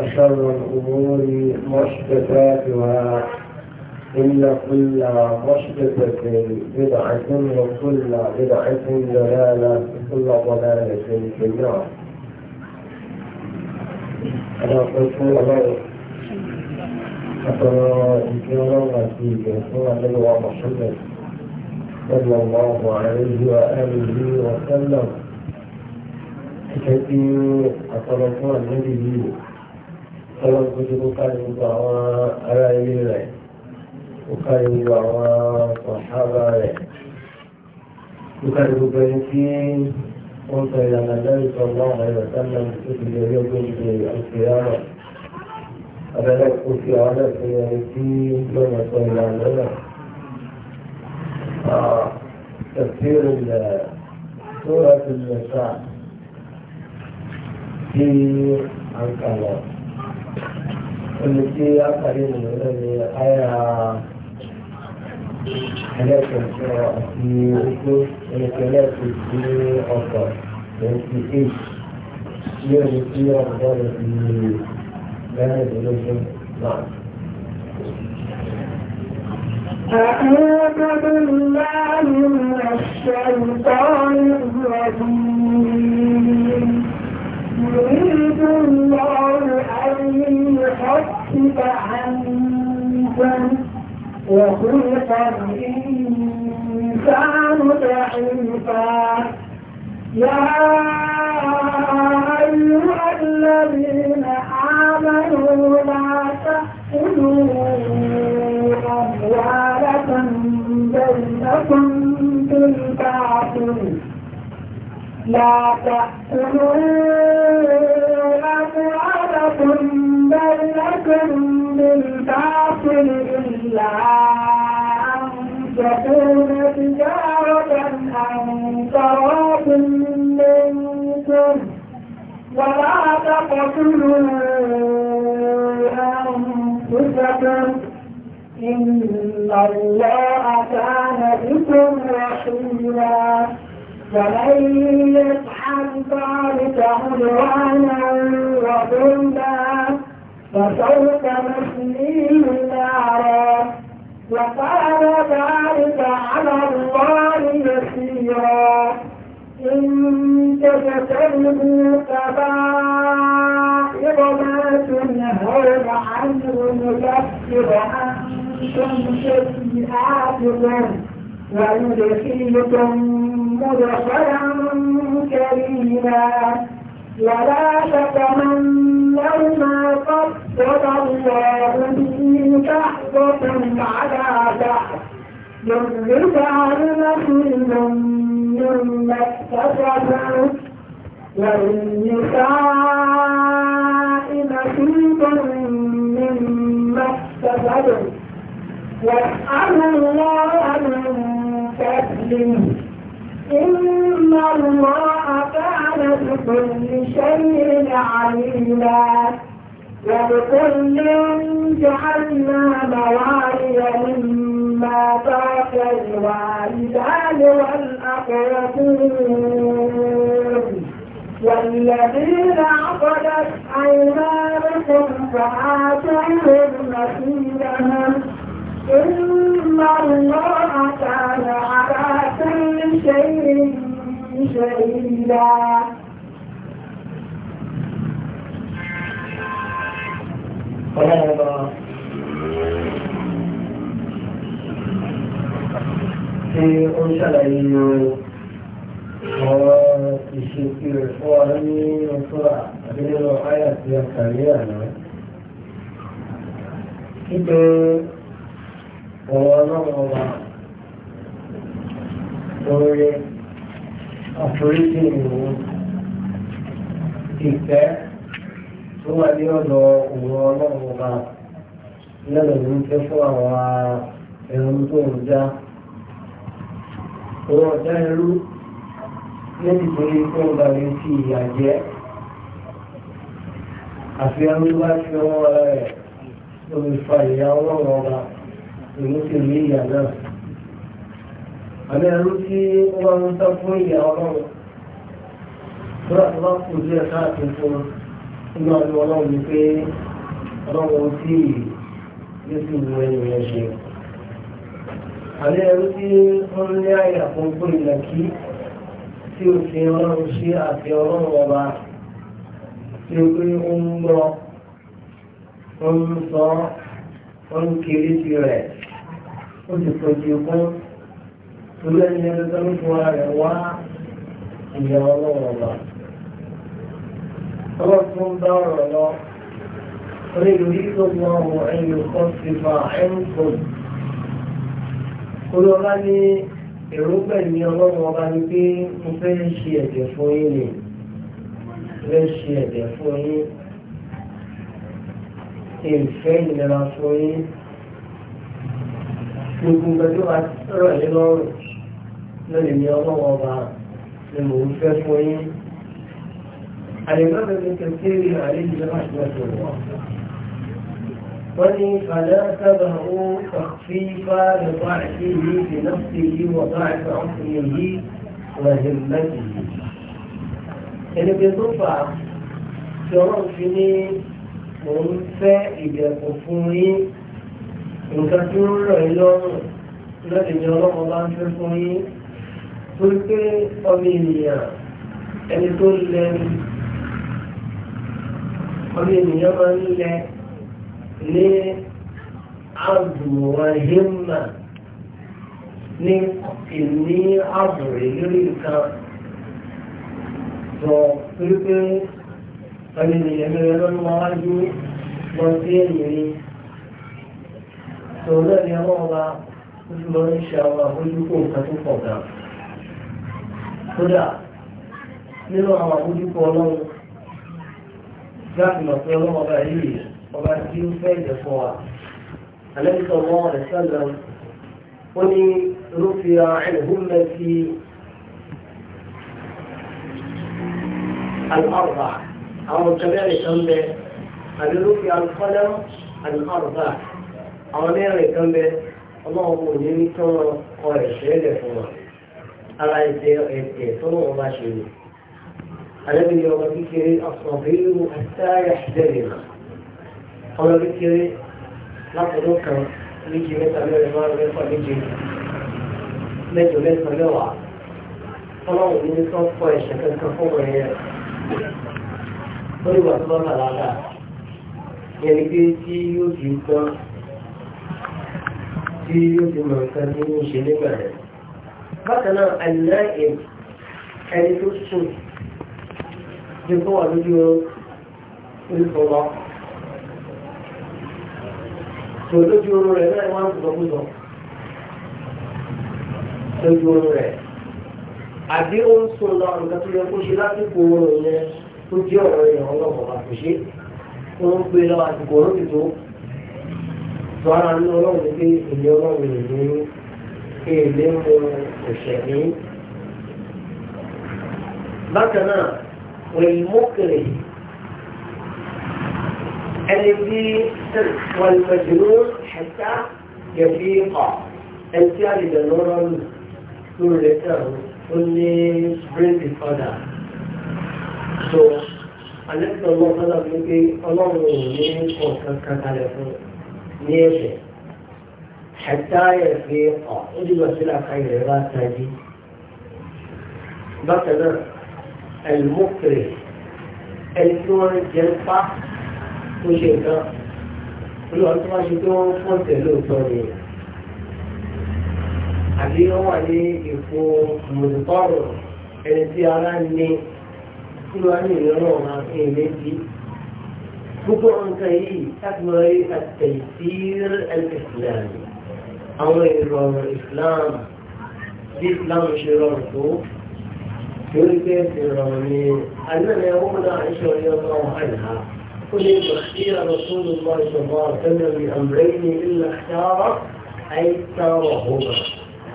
وشر الأمور مشتتاتها إن كل مشتتة بدعة وكل بدعة ضلالة وكل ضلالة في النار أنا قلت الله أترى إكرام فيك هو محمد صلى الله عليه وآله وسلم كثير أترى النبي kọ́lọ́ gbójúgbó káyọ̀ gbogbo àwọn ará ilé rẹ̀ ó káyọ̀ gbogbo àwọn sọ̀hábà rẹ̀ ó káyọ̀ gbogbo ẹni tí wọ́n sọ ìlànà lẹ́yìn tó ń bá àwọn ẹ̀rọ sálẹ̀ tó ti lè rí ọgbọ́n ìgbé àìsèrárọ̀ abẹ́rẹ́ kó fi àwọn náà fi ẹni tí lọ́nà sọ ìlànà náà. تفسير سورة النساء في عنقرة ẹni tí a parí nínú lẹ́nu àyà ẹlẹ́kẹ̀ẹ́sọ àti ogún ẹlẹ́kẹ̀ẹ́lẹ́kẹ̀ẹ́ sí ọkọ̀ twenty eight ní tí a bọ̀ lọ mẹ́rìndínlógún náà. أعوذ بالله من الشيطان الرجيم يريد الله أن يخفف عنكم وخلق الإنسان ضعيفا يا أيها الذين آمنوا لا تأكلوا أموالكم بينكم بالباطل لا تأكلوا أموالكم بينكم بالباطل إلا أن تكون تجارة عن تراض منكم ولا تقتلوا أنفسكم إن الله كان بكم رحيما فمن يفعل ذلك عدوانا وظلما فسوف نسليه نارا وكان ذلك على الله يسيرا إن تجتنبوا كبائر ما تنهون عنه نكفر عنكم سيئاتكم ويدخلكم مدخلا كريما ولا تتمنوا ما قصد الله به بعضكم على بعض للرجال نصيب من اكتسبوا وللنساء نصيب مما اكتسبوا واسألوا الله من تستسلم إن الله كان بكل شيء عليما ولكل جعلنا موالي مما ترك الوالدان والأقربون والذين عقدت أيمانكم فآتوهم نصيبهم إن الله كان على كل شيء شهيدا Tí ó ń ṣàlàyé àwọn ìṣèkí rẹ̀ fún wa ní ọ̀tọ́ra àti nínú àyà tí a kà ní àná. Kíkẹ́ ọ̀rọ̀ ọlọ́run ọba oore àforíjì ìròyìn ìfẹ́ tó wà ní ọ̀dọ̀ òun ọlọ́run ọba lẹ́nu ló ń fẹ́ fún àwọn ẹ̀rọ tó ń já òun ọ̀dá ẹrú lẹ́yìn tó ní kó ń ba lè fi ìyà jẹ́ àfi ẹrú bá fi ọwọ́ rẹ̀ lórí fa ìyá ọlọ́run ọba ìrún sì rí ìyà náà àmì ẹrú tí wọ́n ń sọ fún ìyà ọlọ́run tó rà tó bá kù díẹ̀ káàkiri fún inú àti ọlọ́run ni pé ọlọ́run tí yóò sì wú ẹni yẹn ṣe àmì ẹrú tí wọ́n ń lé àyà fún gbó ìlà kí tí ó fi ọlọ́run ṣe àti ọlọ́run ọba tí ó pé ó ń gbọ́ ó ń ó ti pèjì ogún torí ẹni ẹni tó ń fún ara rẹ̀ wá ìyá ọlọ́run ọba. ọlọ́run tó ń bá ọ̀rọ̀ lọ orí ìrírí tó mú ọmọ ẹ̀yìn kan ti fa ẹ̀ńkùn. olùwọ́lá ní èròǹgbà ìní ọlọ́run ọba ni pé mo fẹ́ ṣe ẹ̀jẹ̀ fún yín ni fẹ́ ṣe ẹ̀jẹ̀ fún yín ìfẹ́ ìlera fún yín gbogbo nǹkan tó bá rọ̀ yín lọ́rùn lónìí ní ọlọ́wọ́ ọba ni mò ń fẹ́ fún yín. àlèmọ́bẹ̀ mi kẹ̀kẹ́ rí àlejò náà àti ọ̀sẹ̀ wọ̀. wọ́n ní fàlẹ́ sábà ó kàfífà lọ́pọ̀ àti ìlú ìdènàfẹ́ yìí wọ̀ bá àìsàn ọkùnrin yìí wọ̀ ẹ̀hìn mẹ́tì yìí. ẹnìkan tó fà á tí fi ní mò ń fẹ́ ìdẹ̀kùn fún yín nǹkan tí ó rọ̀ yín lọ́rùn lọ́dẹ̀ ni ọlọ́mọ bá ń fẹ́ fún yín tó pé ọmọ ènìyàn ẹni tó lẹ ọmọ ènìyàn máa ń lẹ ní àbùwàhímà ní ìní àbùrẹ̀ lórí nǹkan sọ pé pé ọmọ ènìyàn mẹ́rin lọ́nà wájú wọ́n sí ènìyàn sọ̀rọ̀ náà ni àwọn ọba ojú lọ ń ṣe àwọn àbójúkò nǹkan tó pọ̀ gan. kódà nínú àwọn àbójúkò ọlọ́run láti mọ̀ pé ọlọ́run ọba yìí ọba tí ó fẹ́ ìdẹ̀fọ́ wa. àlẹ́bí sọ wọ́n rẹ̀ sẹ́lẹ̀ ó ní rúfi ẹ̀hún mẹ́tì الأربع أو كذلك عند رفع القلم الأربع àwọn mẹ́rin kan bẹ ọlọ́run kò ní ní tán kọ ẹ̀ṣẹ́ lẹ̀ fún wa ara ẹ̀ṣẹ̀ ẹ̀ṣẹ̀ tó náà bá ṣe lò àlẹ́bí ni ọmọ kékeré ọ̀sọ̀bẹ́rù àtàyà ìdẹ́rẹ̀ rà ọmọ kékeré látọ̀dọ̀ kan méjì mẹ́ta mẹ́rin márùn mẹ́fà méje mẹ́jọ mẹ́sàn mẹ́wàá ọlọ́run ní ní tán kọ ẹ̀ṣẹ̀ kankan fún wọn yẹn ó ní wà tó bá bàlágà yẹn ni pé tí yóò fi gbọ́n tí ó ti mọ̀ nǹkan ní í ṣe nígbà rẹ̀. bákan náà àìláì ẹni tó sùn ti tó wà lójú olùkọ́lọ́ tó lójú oorun rẹ̀ náà wọ́n ń gbọ́gbọ́gbọ́ lójú oorun rẹ̀ àbí ó ń sùn lọ nǹkan tó yẹ kó ṣe lásìkò oorun yẹn tó jẹ́ ọ̀rọ̀ ìrànlọ́wọ́ àkùṣe ó ń gbé lọ àsìkò oorun ti tó sọ ara ní ọlọ́run pé èmi ọlọ́run ìlú pé èmi ń mu òṣèlú. bákan náà wẹ̀lmọ́kẹ̀rẹ̀ ẹni tí wẹ̀lmọ̀jùlú ṣẹ̀ṣá yẹ̀fí kọ̀ ẹni tí a lè dẹ̀nà ọlọ́run rẹ̀ tán ó ní brain disorder. so alẹ́ tí ọlọ́run sábà fi ń pé ọlọ́run ò ní ọ̀kan kan kalẹ̀ ní ẹ̀ṣẹ̀ ṣàtàyẹ̀ fi ọ̀ ojúlọ sí làkàyè rẹ̀ bá tají bákan náà ẹ̀lmọ́kìrì ẹni tí wọ́n jẹ́ pa tó ṣe nǹkan olùwà tó máa ṣe pé wọ́n pọ̀ tẹ̀lé òótọ́ ni àbí wọ́n wà ní ipò mùtọ́rọ̀ ẹni tí ara ní kúlọ̀ ní ìlú náà máa fi ìlé bíi. بضع تهي أكمل التيسير الإسلامي أمر الإسلام الإسلام شرارته يلقي في الرمانين أننا يوم عائشة رضي الله عنها قلت اختير رسول الله صلى الله عليه وسلم بأمرين إلا اختار ما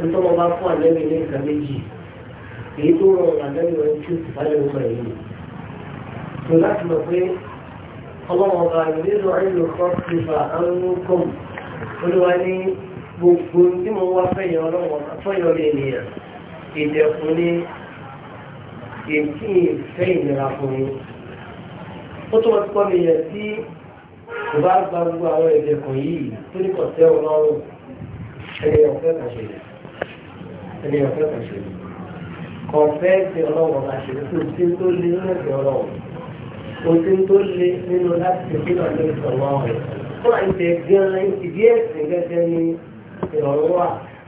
أنتم عن النبي ليس بيجي يدور على النبي ويمشي في هذا فلاك مفيد ọlọ́wọ́ bá ìrírí ìlú kọ́sí bá ánúkùn olúwa ní gbogbo tí mo wá fẹ́yìn ọlọ́wọ́ fẹ́yìn orí ènìyàn ìdẹ̀kùn ní èkí ìfẹ́ ìnira fún mi ó tó wọ́n ti kọ́ mi yẹ tí kò bá gba gbogbo àwọn ìdẹ̀kùn yìí tó ní kọ̀tẹ́ ọlọ́run ẹni ọ̀fẹ́ kan òtí tó le nínú láti tẹ̀sí náà ní ìsọ̀rọ̀ rẹ̀ fún àìsè gan ìdí ẹ̀sìn gẹ́gẹ́ ní ìrọ̀rùn wa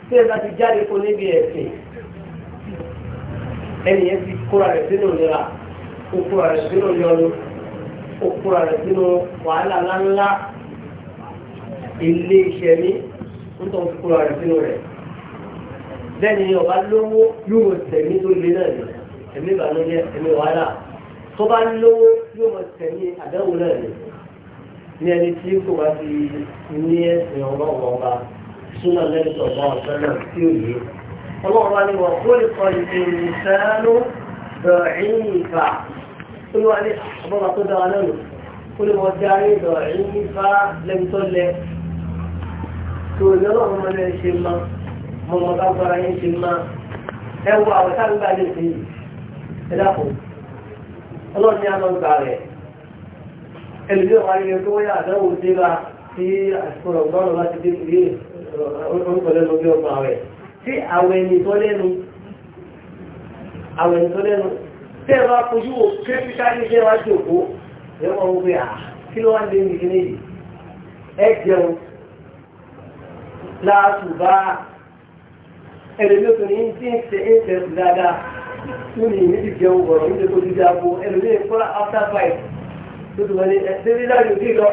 tí ẹ bá ti jáde kó níbi ẹ̀sìn ẹni ti kóra rẹ̀ sínú ìlera ó kóra rẹ̀ sínú ìyọnu ó kóra rẹ̀ sínú wàhálà ńláńlá ilé iṣẹ́ ní nítorí ó ti kóra rẹ̀ sínú rẹ̀ bẹ́ẹ̀ ọba lówó yóò tẹ̀mí tó le náà ní ẹ̀mí ìbànújẹ́ ẹ̀mí wàhálà tó bá lówó yóò máa tẹ̀lé àdáwò náà ni ní ẹni tí kò bá ti ní ẹ̀sìn ọlọ́wọ́ ọba súnà lẹ́yìn tó ọba ọ̀sán náà tí ò yé ọlọ́wọ́ bá ní wọ́n kó lè kọ́ ìdè sánú dọ̀ọ̀ín ìfà olúwa ní àbọ̀bà tó dára náà nù kó wọ́n darí dọ̀ọ̀ín ìfà lẹ́yìn tó lẹ tó ìlú ọlọ́run mọ́ lẹ́yìn ṣe máa mọ́ mọ́ bá gbára yín ṣe máa ẹ wo àwọn táwọn gbà ọlọ́run ní àmọ́ gbà rẹ̀ ẹlùmí ọ̀wá ilé tó wáyà àdánwò dé bá tí àsìkò ọ̀gbọ́n ọ̀la ti dé ìlú ọ̀nkọ̀lẹ́nu bí ọgbà rẹ̀ tí àwọn ẹni tó lẹ́nu àwọn ẹni tó lẹ́nu tẹ́ ẹ bá fojú wo kẹ́pítà ní ṣe wá jòkó ẹ wọ́n wọ́n pé à kí ló wá ń lé ní lórí ìmídìí jẹun ọ̀rọ̀ níbi tó ti di abo ẹnu ní ìfọ́lá after five tó ti wọlé ẹsẹ̀ rí láàyò bí lọ.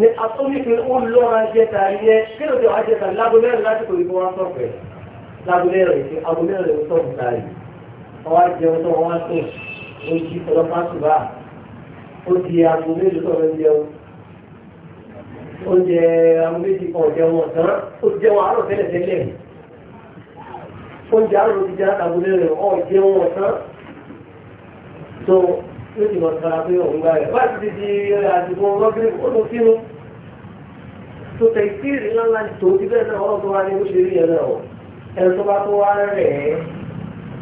ni atọ́míkì ó lọ́ra jẹta yẹn kí ló dé wàá jẹta lágbo mẹ́rin lásìkò ìbọn wa sọ̀fẹ̀ lágbo mẹ́rin ti agbo mẹ́rin ló sọ̀fù tààrí ọwọ́ jẹun tó wọ́n sùn ó jí ọlọ́pàá ṣùgbà ó di agbo mẹ́rin sọ̀rọ̀ jẹun oúnjẹ agbo méjì kan jẹun ọ̀sán ó jẹun àárọ̀ tẹ́lẹ̀ tẹ́lẹ̀ oúnjẹ àrùn ti jẹ́ àtàbílẹ̀ rẹ̀ ọ̀ jẹun ọ̀sán tó ló ti lọ sára pé òun gbà rẹ̀ bá ti di eh, àdìgbò rọ́bìnrin ó lọ sínú tó tẹ ìpínlẹ̀ ńláńlá tó ti bẹ́ẹ̀ náà wọ́n tó wá ní bó ṣe rí yẹn náà ọ̀ ẹni tó bá tó wá rẹ̀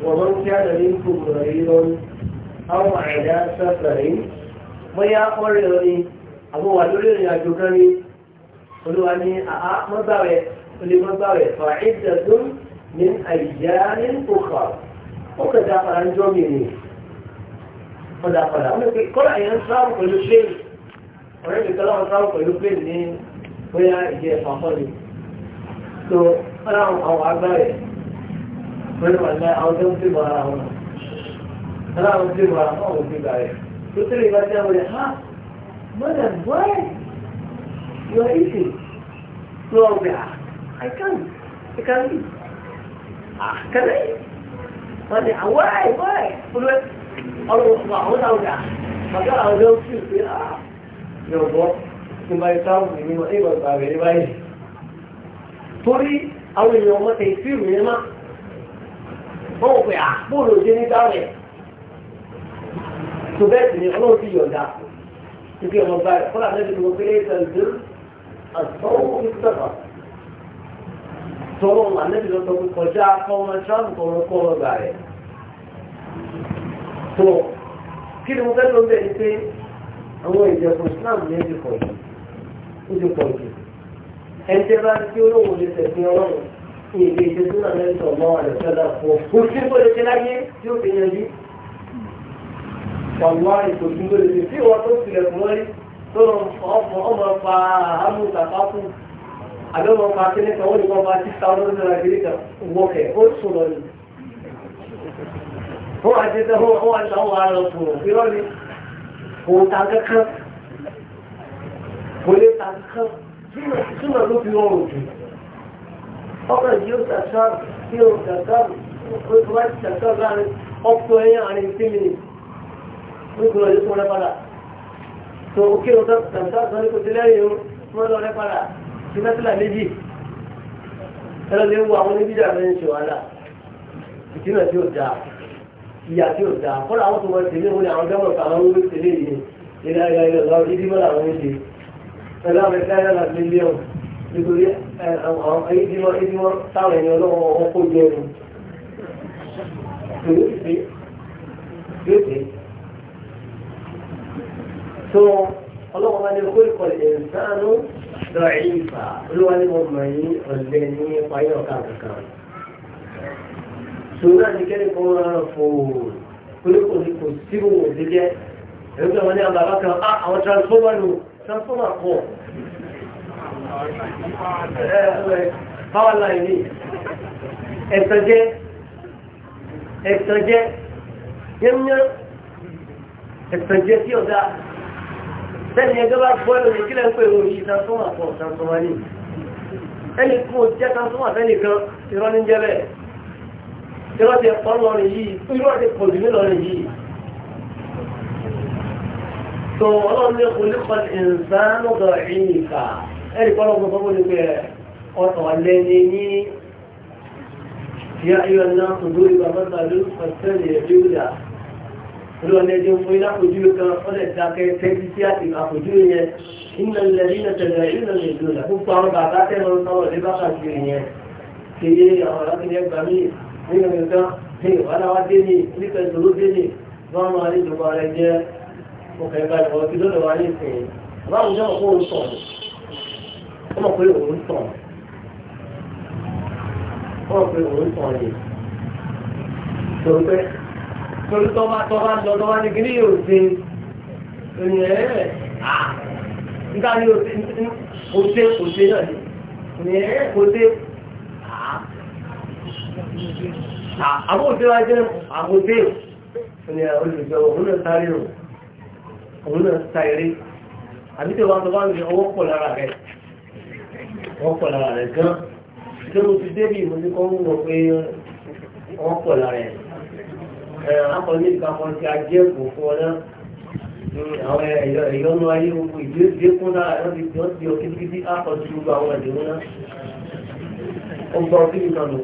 wọ́n máa ń kí àná ní kò mọ̀ èyí lọ́nu àwọn àìdá sẹ́fẹ̀rẹ̀ bóyá ọ̀rẹ́ lọ ni àbọ̀ wà lórí ìrìn àjò kan ni olúwa ní àá mọ́gbà rẹ̀ olè mọ́gbà rẹ̀ fà من أيام أخرى وقد عن جميني قد أقل كل أيام صار كل شيء ورد الكلام صار كل شيء ويا إجي فاصلي تو أنا أو عبارة من ولا أو جنب برا هنا أنا أو في برا ما هو جنب برا تطلع بس أنا ها ماذا why you are eating no I can't I can't àkẹ́lẹ́ wọ́n ní àwọn ẹ̀gbọ́n ẹ̀ olú ọ̀rọ̀ àwọn ọ̀dà ọ̀dà àwọn ọ̀dà òkú ìpè à yọ̀bọ̀ tí n bá yẹ sáwọn ìlú wọn ní ìgbàgbà rẹ̀ ní báyìí. torí àwọn èèyàn ọmọ tẹ̀ ìfì ìròyìn má wọ́n wò pé à bóòlù òde ní dáwẹ̀ tó bẹ́ẹ̀ sì ni ọlọ́run ti yọ̀ǹda nígbà ọmọ báyìí tọwọ́ ànẹ́bí lọ́tọ́ kọjá akọ́wọ́ tíráàmù kọ́wọ́ kọ́wọ́ gbà rẹ̀. tó kí ni mo fẹ́ ló bẹ̀rẹ̀ pé àwọn ìjẹ̀kùn islam ní ẹ̀jẹ̀ pọ̀ jù ó ti pọ̀ jù ẹ̀jẹ̀ bá ti olówó lè tẹ̀sí ọlọ́run ní ilé iṣẹ́ tó náà lẹ́yìn tó ọmọ rẹ̀ fẹ́ náà fọ́ kò sí kó lè ṣe láyé tí ó fi yanjú. ọ̀wá ìtòkùn ló lè ṣe tí ìwọ tó tilẹ̀kùn wọlé tó àbẹ́ wọn máa tẹ́lẹ̀ kan wọ́n ní wọ́n máa six thousand naira kiri kan wọ́n kẹ̀ ó sùn lọ ni. wọ́n wá jẹ́ sẹ́wọ́n wọ́n wá sọ wọ́n lọ fún un irọ́ ni kò ta kankan kò lè ta kankan súnà ló fi rọrùn jù. ọkọ̀ yìí ó ṣàṣàrò tí ó ṣàṣàrò ó ti wá ṣàṣàrò láàrin ọ̀pọ̀ ẹ̀yìn àárín sí mi ní kúrò yìí tó rẹ́ padà. o kí o sọ ṣàṣàrò sọ ní kò sí lẹ́yìn o wọ́n lọ sí mẹ́tìlá méjì ẹ̀rọ lè wo àwọn oníbíjà rẹ̀ ń ṣe wàhálà ìtìmọ̀ tí ó dáa ìyà tí ó dáa kọ́lá àwọn tó wọ́n tẹ̀lé wọn ni àwọn gẹ́mọ̀ àwọn olóògbé tẹ̀lé yìí ilẹ̀ ayọ̀ ilẹ̀ lọ́wọ́ ìdí mọ́ làwọn ń ṣe pẹ̀lú àwọn ẹ̀ka ayọ̀ làbí mílíọ̀nù nítorí àwọn ìdímọ̀ ìdímọ̀ táwọn ènìyàn lọ́wọ́ wọn kó jẹ ẹnu. tó ọlọ́wọ́ máa ní kó ìkọlẹ̀ ẹ̀ńsánú dọ̀ìfà olúwa ní mo mọ̀ yín ọ̀lẹ́ ní payé ọ̀ka kankan. sòwò náà ní kẹ́lẹ́ kan rárá fò kólékòlé kò síbò wò sí jẹ́ ẹ̀rọ pé àwọn ní àbàbá kan á ah, àwọn transformer lò transformer pọ̀. power line ni ẹ̀sán jẹ́ ẹ̀sán jẹ́ yẹ́n bẹ́ẹ̀ ni ẹgbẹ́ bá gbọ́ lórí kílẹ̀ ń pè ní oṣù tansọ́mà fún tansọ́mà ní ẹni kún jẹ́ tansọ́mà fẹ́ nìkan irọ́ ní jẹ́ bẹ́ẹ̀ irọ́ ti pọ̀ lọ́rin yìí irọ́ ti pọ̀ jù mí lọ́rin yìí tó ọlọ́run ní ọkùnrin kan ìǹsánú gan ìyìnká ẹni kọ́ lọ́gbọ́n tó wọlé pé ọ̀tọ̀ lẹ́ni ní yá ayọ̀ náà tó dórí bàbá olóòlẹ́jọ́ fún iná àpòjúwe kan ọlẹ̀ dákẹ́ tẹ́tí sí àti àpòjúwe yẹn iná lẹ́rí náà tẹ̀lé iná lè dùn là púpọ̀ àwọn bàbá tẹ́lọ sọ̀rọ̀ lé bàbá ju ìyẹn kéye àwọn alákìlẹ̀ gbà mí nínú nǹkan ní wàhálà wá dé ní nípa ìṣòro dé ní wọn máa ní ìjọba rẹ jẹ ọkàn ìgbà ìwọ tí lọ́dọ̀ wá ní ìsìn báwo ni ọkọ òun sọ ọmọ pé pé òun sọ ni torí tó bá tó bá lọ tó bá ní kíní yóò ṣe ẹ̀yìn à nígbà ní kò ṣe kò ṣe náà ni ẹ̀yìn kò ṣe à àbò ṣe wá àbò ṣe ẹ̀yìn olùjọba òun náà sáré o òun náà sa àbí tí wọ́n tó bá ń ọwọ́ pọ̀ lára rẹ̀ wọ́n pọ̀ lára rẹ̀ gan-an tí mo ti débi ìmọ̀ ní kọ́ wọ pé wọ́n pọ̀ lára rẹ̀ akọni nǹkan kan tí a jẹ́ kò fún ọ náà hmm, àwọn ìyọnu ayé gbogbo ìdíkún náà wọ́n ti wọ́n ti ọkí títí akọni gbogbo àwọn ẹ̀dínwó náà ó gbọ́ kí ni kan lò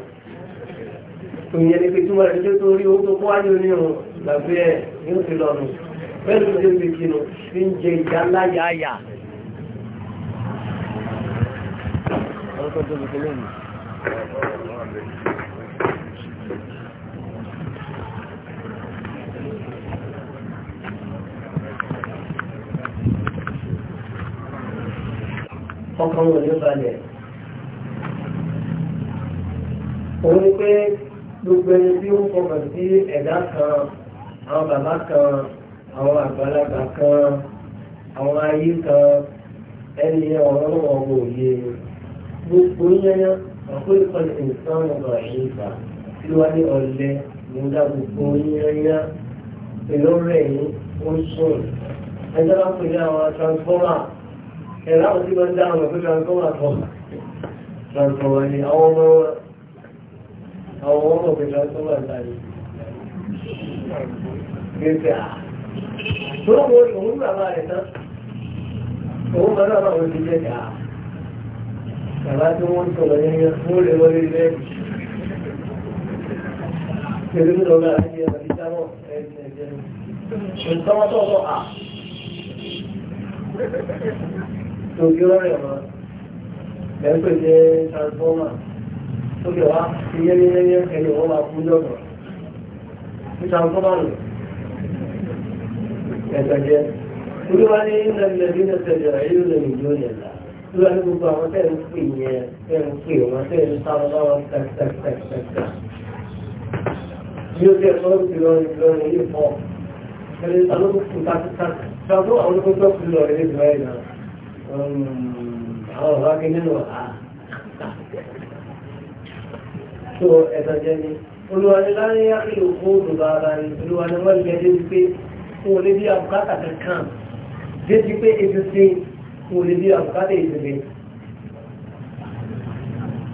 ìyẹn ni pé tí wọ́n rẹ̀ tó rí owó tó kó wáyé onírun gbàgbé ẹ̀ yóò ti lọ nù pẹ̀lú tó ti kinu fi ń jẹ ìjà ńlá yáyà. Thank you. ọkàn wọn ní balẹ̀. òun ni pé gbogbo ẹni tí ó fọkàn sí ẹ̀dá kan àwọn bàbá kan àwọn àgbàlagbà kan àwọn ayé kan ẹni ọ̀rọ̀ ọ̀gbọ̀n òye gbogbo yẹn ọ̀pọ̀ ìkọlẹ̀ nǹkan ọ̀gbọ̀n ẹ̀yìn ìgbà tí wọ́n ní ọ̀lẹ́ nígbà gbogbo yẹn pẹ̀lú rẹ̀ ní oṣù ẹ̀dá pẹ̀lú àwọn transformer ẹ̀rọ àwọn tí wọ́n dá àwọn ẹ̀fẹ́ transformer transformer transformer ni àwọn ọmọ àwọn ọmọ ọ̀fẹ́ transformer tàbí gbèsè à tó wọ́n òun bàbá rẹ̀ tán òun bàbá bàbá òun ti jẹ́ kà á bàbá tí wọ́n sọ lọ yẹn yẹn fún lè wọlé ilé tẹ̀lé tó lọ́gbà láti ẹ̀rọ ìjábọ̀ ẹ̀ẹ́dẹ̀ẹ́dẹ́ tó kí ó rìn wọn jẹ́ transformer tó kẹ̀ wá ti yẹ́yẹ́yẹ́ ẹni wọ́n máa kú lọ́dọ̀ ní transformer lò ẹ̀sẹ̀ jẹ́ torí wá ní ilẹ̀ bí ẹsẹ̀ jẹ́ ayé lè ní ìjọ wá ní gbogbo àwọn tẹ́ ń pè yẹn tẹ́ ń pè wọn tẹ́ ń sáwọn lọ́wọ́ tẹ́tẹ́tẹ́tẹ́ àwọn ọ̀rọ̀ akẹ́ nínú ọ̀há tó ni olùwàní láyé àkìlò fún òdòdó ara ni olùwàní wọ́n lè dé wípé fún olè bí àbùkátà kankan dé ti pé ètò sí fún olè bí àbùkátà ètò sí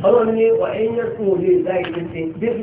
ọlọ́run ní wà ń yẹ fún olè láì tó sí dé ti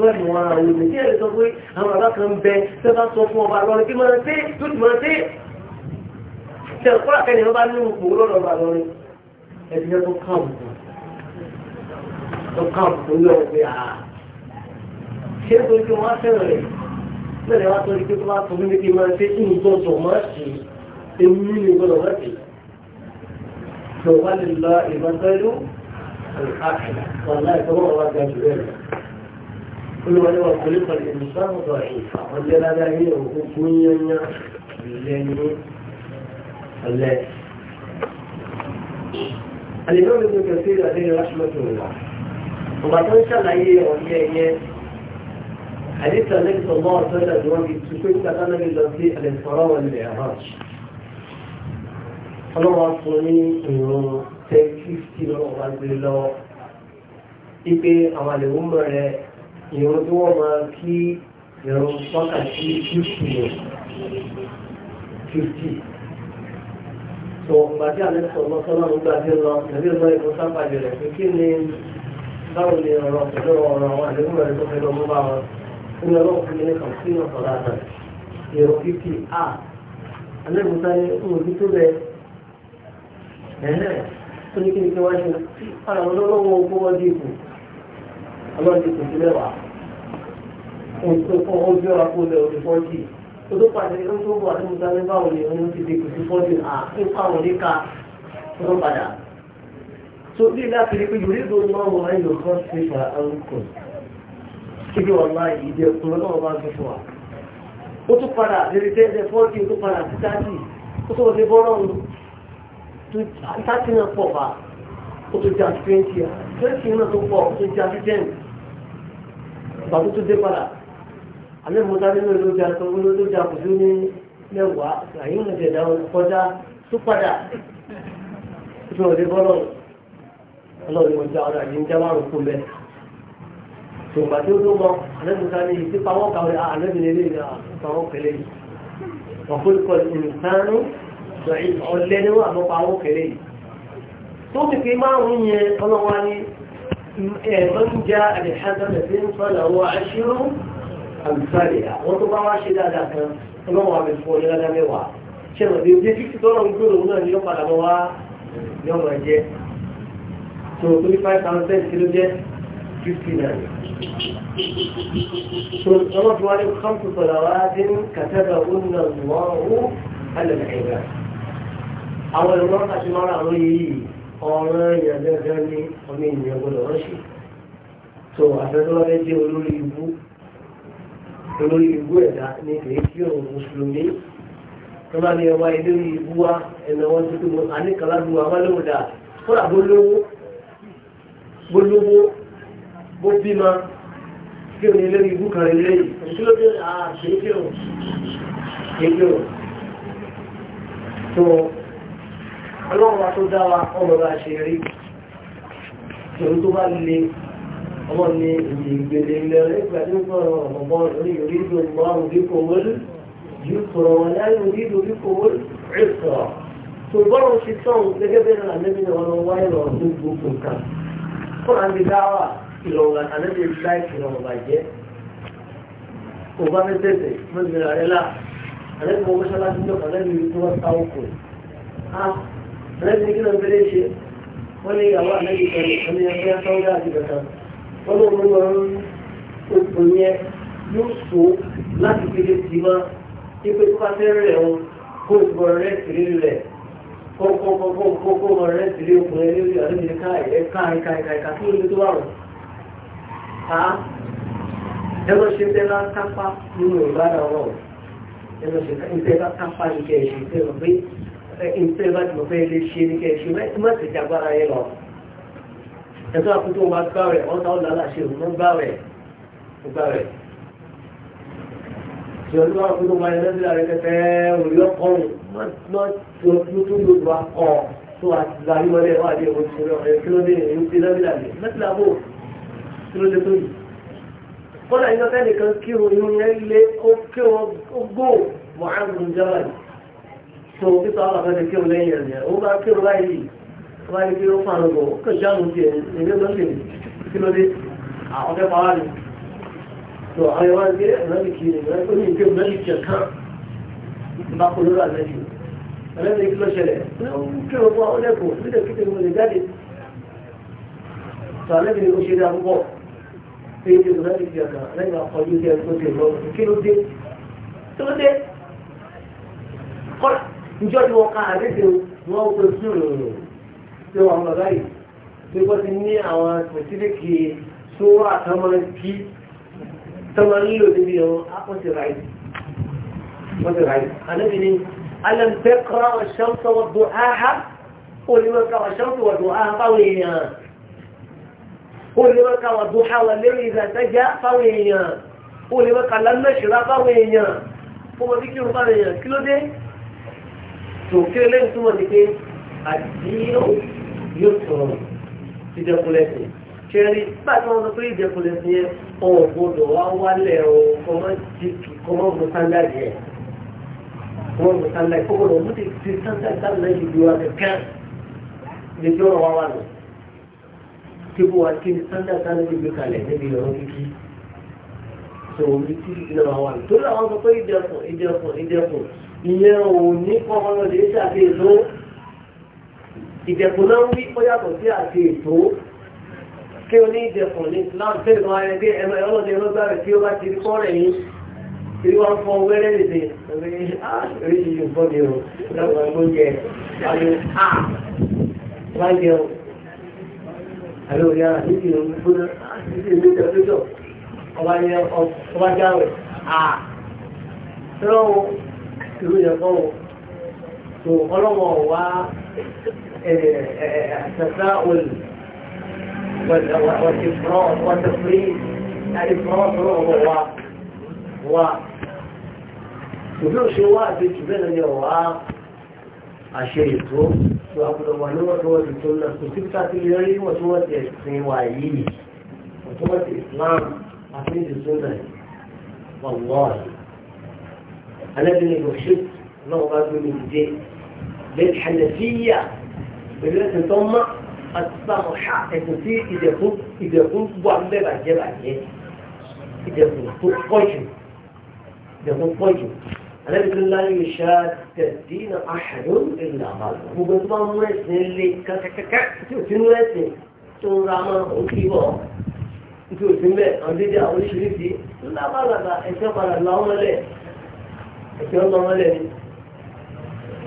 lọ́ọ̀dì wọn àwọn ènìyàn tí ẹ̀rí sọ pé àwọn bàbá kan bẹ tẹ́ bá sọ fún ọba lọ́rin kí máa dé tó ti máa dé tẹ̀ kọ́lá kẹ́ni wọn bá ní ipò lọ́dọ̀ ọba lọ́rin ẹ̀dí yẹn tó káàbù tó káàbù tó yọ ọ̀gbẹ́ à ṣé tó ti wọn fẹ́ràn rẹ̀ lẹ́rẹ̀ wá tó di pé tó bá tó olúwa ní wọn kò lè pàdé ìmùsùlùmí ọ̀dọ̀ ìfà ọjọ́ dáadáa yé òkú fún yányá lẹ́nu ọ̀lẹ́. àlejò mi tó kẹsí ìrìnàjò ní láṣmọ́tò wà ọba tó ń ṣàlàyé ọ̀lẹ́ yẹn àdìsá lẹ́yìn tó mọ́ ọ̀tọ́ ìlà tí wọ́n fi tu pé nígbà táwọn ẹni lọ sí àlẹ́sọ̀rọ̀ wọn lè ọlọ́wọ́ fún ní ìrún tẹ́kí sí ọ̀rọ̀ gbé lọ ìrún tí wọ́n máa kí ìrún wákàtí fifty fifty tó gbàdí àlẹ́sọ̀ lọ́sọ́lá ń gbàdí lọ nàbí lọ ìfún sábàjì rẹ̀ pé kí ni báwo ni ọ̀rọ̀ pẹ̀lú ọ̀rọ̀ àwọn àdéhùn rẹ̀ tó fẹ́ lọ mú bá wọn fún ọlọ́run fún ní kàn sí ọ̀sán láta ìrún fifty a àlẹ́sọ̀ sáyé ń wò tó bẹ ẹ̀hẹ́ tó ní kí ni kí wọ́n ṣe fara wọn lọ́wọ́ owó wọn ọlọ́run ti pèsè mẹ́wàá ó bí ọ̀rọ̀ kó lẹ orí fọ́ọ̀tì ó tó pàdé ó tó bọ̀ àti musa ní báwọn ni òun ti di pèsè fọ́ọ̀tì à ń fáwọn ní ká tó padà tó bí láti rí pé yorì ló ń wọ́n wọ́n yóò kọ́ sí ìfà àrùkù kíbi wọn máa ìdí ẹkùn lọ́wọ́ bá ń fún wa ó tún padà lérí tẹ́lẹ̀ fọ́ọ̀tì ó padà sí táàtì ó tó wọlé bọ́ọ̀rọ̀ náà tó jà náà pọ̀ bàbá tó dé padà alẹ́ mo dá nínú tó ń lò lójà kò ní mẹ́wàá àyìn mo jẹ̀dá kọjá tó padà tó lè bọ́ lọ́rùn ọlọ́run mo já ọ̀rọ̀ àyìn jáwá rò kú mẹ́ tòǹgbà tí ó tó mọ alẹ́ mo dá ní pawọ́ kàwé alẹ́ mi lè ìlà pawọ́ kẹlẹ́ yìí ọ̀pọ̀lọpọ̀ ìrìnsánú ọ̀lẹ́ni wọn àbọ̀pọ̀ àwọn kẹlẹ́ yìí tó kìkì márùn-ún yẹn ọlọ́wọ́ من جاء بحسنة فله عشر أمثالها وطبعا شيء لا داخل فلو عم يقول لا ميوا شنو دي دي في دولار يقولوا هنا اليوم على موا يوم رجع تو 35000 كيلو جه 59 تو الله تعالى خمس صلوات كتبهن الله على العباد أول مرة تمر عليه ọ̀ràn ìyàdẹ́fẹ́ ní ọmọ ènìyàn gbọdọ̀ rọ́ṣì tó àfẹ́sọ́lọ́fẹ́ jẹ́ olórí ibú olórí ibú ẹ̀dá ní kìí kí òun mùsùlùmí tó bá ní ọmọ ilé ibú wa ẹ̀nà wọn ti tó àníkàládùn amálòdà fúnra gbólówó gbólówó bó bímọ kí òun ilé ibú kan rẹ̀ lẹ́yìn òṣìlódé àkèékè òun kéèké òun ọlọ́run wa tó dá wa ọmọ bá ṣe rí ìṣòro tó bá le ọmọ ní ìyè ìgbèlè ilẹ̀ nígbà tí ó gbọ́rọ̀ ọ̀gbọ́n orí orílẹ̀ ògbọ́n orí kò wọ́n yóò sọ̀rọ̀ wọn láyé orílẹ̀ orí kò wọ́n rí sọ̀rọ̀ tó lẹ́sìn kí ló ń fẹ́lẹ́ ṣe wọ́n ní ìyàwó àlẹ́bí pẹ̀lú ẹni ẹgbẹ́ sọ́ńdà àti bàtà wọ́n ló mú wọn òkú yẹn yóò so láti kéde sí ma ipe tó bá fẹ́ rẹ̀ wọn kó o gbọ́ rẹ̀ sílé rẹ̀ kó ṣe tẹ́lá kápá nínú ìbára wọn ẹnu ṣe tẹ́lá kápá nìkẹ́ ẹ̀ṣin tẹ́lá pé ìpè láti lọ fẹ́ lè ṣe ní kẹ́ ṣe mẹ́tì jagbára yẹn lọ ẹ̀tọ́ àkótó wa gbá rẹ̀ wọ́n ta ọ̀là aláṣẹ òun náà gbá rẹ̀ gbá rẹ̀ ìṣòro tó àkótó wa yẹn lẹ́sìn àrẹ kẹfẹ́ òrí ọkọ̀run mọ́ tó tó lòdù akọ tó àtìláyé wọlé wà ní ẹ̀wọ̀n ìṣòro ọ̀rẹ́ kí ló dé èyí ti lẹ́sìn àrẹ mẹ́tì làbò kí ló dé tó kí sọ àwọn afẹ́fẹ́ kírun lẹ́yìn ẹ̀rẹ̀ ó bá kírun báyìí ó bá kí ó fún àwọn ọgbọ̀n ó jáàmù sí ẹ̀ ẹ̀rẹ́ lọ́sẹ̀ kí ló dé ah, àwọn fẹ́ pa àwọn ẹ̀wá gbé ẹ̀rẹ́bì kí ni ẹ̀rẹ́bì ní ìgbé ẹ̀rẹ́bì kí kan bá kó lórí àlẹ́jù ẹ̀rẹ́bì kí ló ṣẹlẹ̀ kí tèmi lè jáde kí ẹ̀rẹ́bì kí níjọ́ tí wọ́n ka àdéhùn wọ́n wọ́n pé sùúrù ṣé wọ́n lọ báyìí pé wọ́n ti ní àwọn pẹ̀sílẹ̀kì sówó àtọmọ́lẹ́kì tọ́mọ́ nílò níbi ìrún àpọ̀sí ráì wọ́n ráì àdébì ni alam taqra ash-shamsa wa duhaha olùwẹ̀ ká ash-shamsa wa duhaha fáwọn èèyàn olùwẹ̀ ká wa duha wa lẹ́yìn ìgbàsájà fáwọn èèyàn olùwẹ̀ ká fáwọn èèyàn fọwọ́ bí kí n fáwọn èèyàn kí ló dé tòkè lẹ́yìn túmọ̀ ní pé àdínú yóò sọ̀rọ̀ ìdẹ̀kùnlẹ̀sìn kẹrin báyìí wọn sọ pé ìdẹ̀kùnlẹ̀sìn yẹn ọ̀hún gbọdọ̀ wá wálẹ̀ ọ̀hún kọ́mọ́ọ̀mù sáńdáàdì yẹn kọ́mọ́ọ̀mù sáńdáàdì kọ́mọ́ lọ mú ti ti sáńdáàdì sáńdáàdì yìí bí wá kẹ́kẹ́ lè fi ọ̀rọ̀ wá wà lọ. kébù wa kí ni sáńdáàdì sáńdáàdì gbé kalẹ̀ níbi ọ̀rọ̀ kíkí sọ̀rọ̀ mi ti ìdílé wa wà lọ ìyẹn ò ní kọ́kọ́rọ́ lè ṣàfi èso ìdẹ̀kùn náà wí ó sí àti èso kí o ní ìdẹ̀kùn ní islam tẹ́lẹ̀ kan ayẹyẹ pé ẹ̀mọ tí ó bá ti rí kọ́rẹ̀ yìí tí wọ́n fọ wẹ́rẹ́ nìdè rí yìí bọ́ mi o lọ́wọ́ ló jẹ ayọ̀ a ah, wá jẹ o àlọ́ òní ara ní ìlú gbóná títí ìlú ìjọ ọba jẹ ọba jáwẹ̀ a. Ah irú yẹn kọ́ wọ̀ tó ọlọ́wọ́ wá التساؤل والإفراط والتفريط الإفراط هو هو هو وفي شيء واحد بين اليوم àṣẹ ètò tó agbọ́dọ̀wà lọ́wọ́dọ́wọ́dì tó lọ kò sí pítà tí lè rí wọ́tíwọ́tí ẹ̀sìn wa yìí wọ́tíwọ́tí Islam àti ìdìsúnà wọ́n wọ́n أنزل المرشد الله غادي من الدين بالحنفية بالله تطمع الصرحة تنسي إذا كنت إذا كنت بعد بعد بعد إذا كنت قوي إذا كنت قوي أنا بقول لا يشاد الدين أحد إلا غلبه هو بطبع مرسل اللي كا كا كا كا تقول مرسل تقول راما أكيبا تقول سنبه عندي دي أولي شريف دي لا غلبه إنت قال اللهم ليه yọ lọ wọn lẹ́ni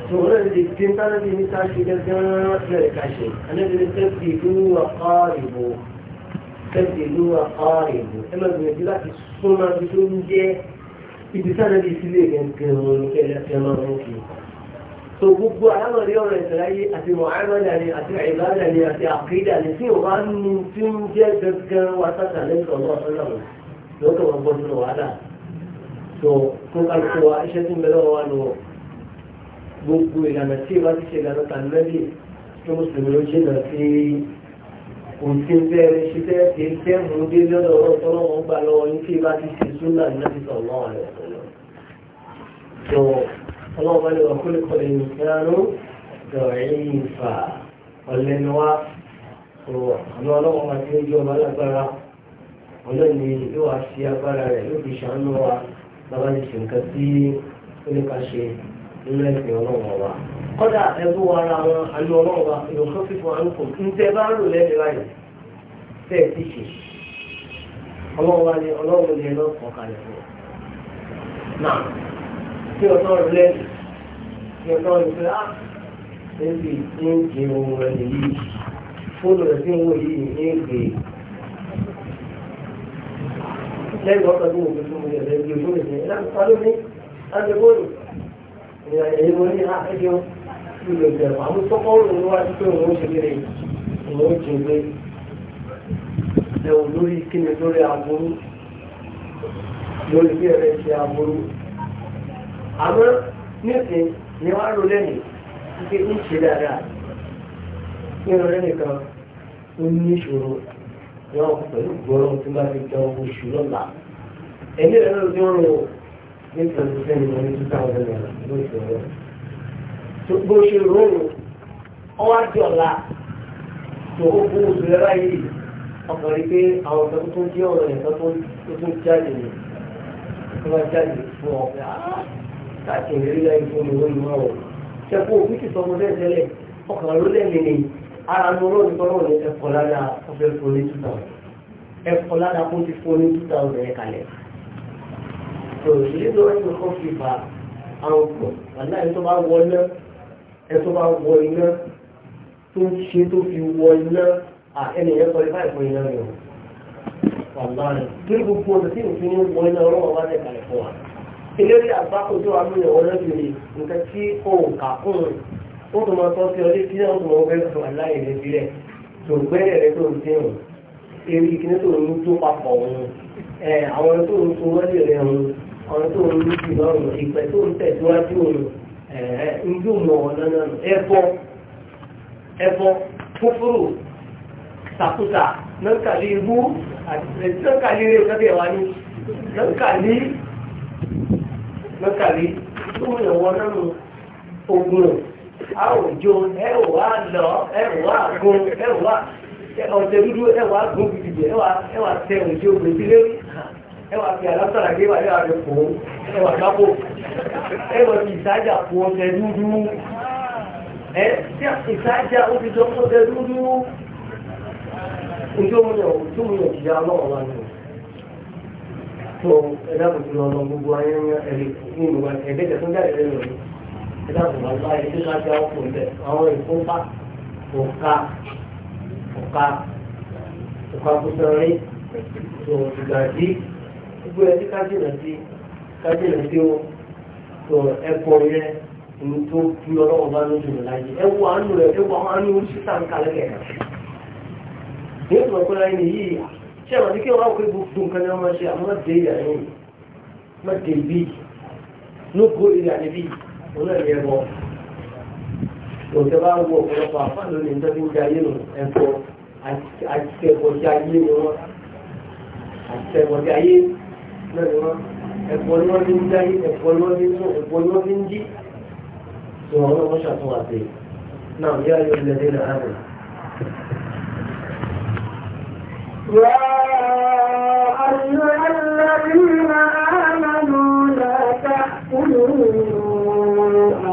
tòun náà lè ti ń tánà bíi níta ṣe gẹ́gẹ́ lẹ́rẹ̀ ká ṣe anábìrin tẹ́tì ìlú ọ̀pá ìbò tẹ́tì ìlú ọ̀pá ìbò ẹ máa gbìyànjú láti súnmọ́ ibi tó ń jẹ́ ibi tánà bíi sílé gẹ́gẹ́ òun kẹ́lẹ́ ẹ máa mú kí so gbogbo alámọ̀rí ọ̀rọ̀ ìsìláyé àti mọ̀hánmọ́dà ni àti ìbádà ni àkídà ni tí òun á nu jẹ́ gẹ́gẹ́ wa sátà lẹ́sọ̀ọ́ lọ́sọ̀ọ́ lọ́wọ́ lọ́kọ̀ wọn bọ́ tó fún kálukú wa iṣẹ́ tí ń bẹ lọ́wọ́ wa nù gbogbo ìlànà tí ìwà ti ṣe ìlànà tà lẹ́bí tó mùsùlùmí ló ṣe nà sí òǹtí ń bẹ́ẹ̀ ṣe tẹ́ ṣe tẹ́ mú dé lọ́dọ̀ ọ̀rọ̀ tọ́lọ́ wọn gbà lọ́wọ́ ní tí ìwà ti ṣe súnà ní láti sọ̀rọ̀ wọn rẹ̀ tó ọlọ́wọ́ bá lè wà kólẹ́kọ̀ọ́ ẹ̀yìn ìfẹ́ránú dọ̀ẹ́yìn fà ọ̀lẹ́nu wa àwọn ọlọ́wọ́ máa ti ń jẹ́ ọmọ alágbára ọlọ́ni yóò wá sí agbára rẹ̀ yóò fi ṣàánú wa bàbá ti ṣe nǹkan tí oníkà ṣe nínú ẹ̀sìn ọlọ́run ọba kọ́dà ẹbú ara wọn àánú ọlọ́run ọba ìròkè fífún àánúkò ǹjẹ́ bá ń lò lẹ́nu láyè tẹ́ ẹ ti ṣe ọlọ́run wa ni ọlọ́run ni ẹlọ́ ọ̀kalẹ̀ fún ọ. náà kí ọ̀tọ́ rẹ lẹ́nu kí ọ̀tọ́ rẹ fẹ́ á ẹ̀ńdì ń gbé ohun rẹ̀ nìyí fóònù rẹ̀ sí ń wò yìí ń gbé lẹ́yìn ọ̀sán tó wọ́n fún mi ẹ̀rẹ́ ìgbè fún mi ẹ̀rẹ́ ìta ló ní láti bóòlù ẹ̀yìn mo ní àkẹ́jọ́ ìlú ìbẹ̀rù àwọn tó kọ́ òun wá sí pé òun ó ṣe kéré òun ó jìn gbé ẹ̀wọ̀n lórí kíni lórí aburú lórí bí ẹ̀rẹ́ ṣe aburú àmọ́ nísìn ni wàá rò lẹ́yìn pé ń ṣe dáadáa ní ọ̀rẹ́ nìkan ó ní ìṣòro yọ̀ọ́ pẹ̀lú gbọ́dọ̀ tí wọ́n ti jẹun oṣù lọ́la ẹni rẹ̀ ló dún rò ní twenty ten ní twenty two thousand naira lóṣù rẹ̀ tó gbó ṣe rọrùn ọwọ́ àti ọ̀la tó ó kú oṣù rẹ̀ báyìí ọkùnrin pé àwọn ọ̀gá tó jẹ́ ọ̀rọ̀ ẹ̀ tó tó jáde ní tó bá jáde fún ọ̀gá ah, káàkiri rí láyé fún mi wọ́n ní wọ́n ò ṣẹ́kù òbí ti sọ ọmọdé tẹ́lẹ̀ ọkàn ló lẹ́mìí ara ní olóòrùn tó lóòrùn ẹ̀fọ́ lára ọ̀fẹ́ fún ní 2000 ẹ̀fọ́ lára kó ti fún ní 2000 ẹ̀ tó ṣe tó ń fi bá àwọn pọ̀ wàlá ẹ̀ bá wọ iná ẹ̀ bá wọ iná tó ṣe tó fi wọ iná à ẹni yẹn kọ́lé iná rẹ̀ wàlá rẹ̀ tí òfin ní wọ iná ọlọ́wọ́ bá tẹ̀ fún wa ilé rí àgbákòjọ́ àmúyẹ̀wọ́ lẹ́yìn nǹkan tí ó tún máa tọ́ sí ọdún kí náà ó máa fẹ́ sọ aláì rẹ̀ sílẹ̀ tó gbẹ́rẹ̀ rẹ̀ tó ń dẹ̀rùn eré ìkíní tó ń tó papọ̀ wọn àwọn tó ń tó wọ́lé rẹ̀ wọn àwọn tó ń lù jù lọ́rùn ìpẹ́ tó ń tẹ̀síwájú wọn ń yóò mọ̀ wọn lọ́nà ẹbọ ẹbọ fúfúrú sàkúsà nọ́ǹkàlí ibú àti nọ́ǹkàlí rẹ̀ kẹ́kẹ́ wá ní nọ́ǹkàlí nọ́ǹkàlí tó ń yẹ̀ wọ́n náà ogun a ò jó ẹ ò wá lọ ẹ ò wá gún ẹ ò wá ọ̀tẹ̀ dúdú ẹ wà gún gidigidi ẹ wà ẹ wà tẹ òjò gbèsè lórí ẹ wà fi àlásàrà gbé wà ẹ wà fi fò ẹ wà gbápò ẹ wà fi ìsájà fò ọ̀tẹ̀ dúdú ẹ tí ìsájà ó fi sọ fún ọ̀tẹ̀ dúdú ojú omi náà ojú omi náà kìí alọ́ ọ̀la nù tó ẹ dábòtò lọ́nà gbogbo ayé ń ẹ̀rí nínú ẹ̀ẹ́dẹ́gbẹ̀tún jáde lẹ́nu ọ̀dún ẹ̀dá kò wá láyé tí ká jẹ́ ọkùn bẹ̀ àwọn ìfúnpá òka òka òka kúta rí tó ìgbà tí gbogbo ẹ̀ tí ká jìnà sí ká jìnà sí o tó ẹ̀kọ́ yẹn ní tó fi ọlọ́wọ́ bá ní jùlọ láyé ẹ wo àánú rẹ ẹ wo àwọn àánú sísà ń kalẹ̀ kẹ̀kẹ́ ní ìtumọ̀ pé láyé nìyí ṣé àwọn àdékẹ́ wọn á wọ gbogbo nǹkan ni wọ́n máa ṣe àmọ́ má dé ìyá yẹn má dé ibi ló kó ìyá níbí yìí olóòyìn ẹbọ òtẹ́ bá ń wo ọ̀pọ̀lọpọ̀ àfáà lónìí nítorí ń jayé nù ẹ̀fọ́ àtẹ̀kọ̀jì ayé ni wọ́n àtẹ̀kọ̀jì ayé náà ni wọ́n ẹ̀fọ́ ni wọ́n ti ń jayé ẹ̀fọ́ ni wọ́n ti ń sùn ẹ̀fọ́ ni wọ́n ti ń jí tó àwọn ọmọ ṣàtúnwà sí i náà yá ayọ̀ ilẹ̀ dé náà hàn. يا أيها الذين آمنوا لا تأكلوا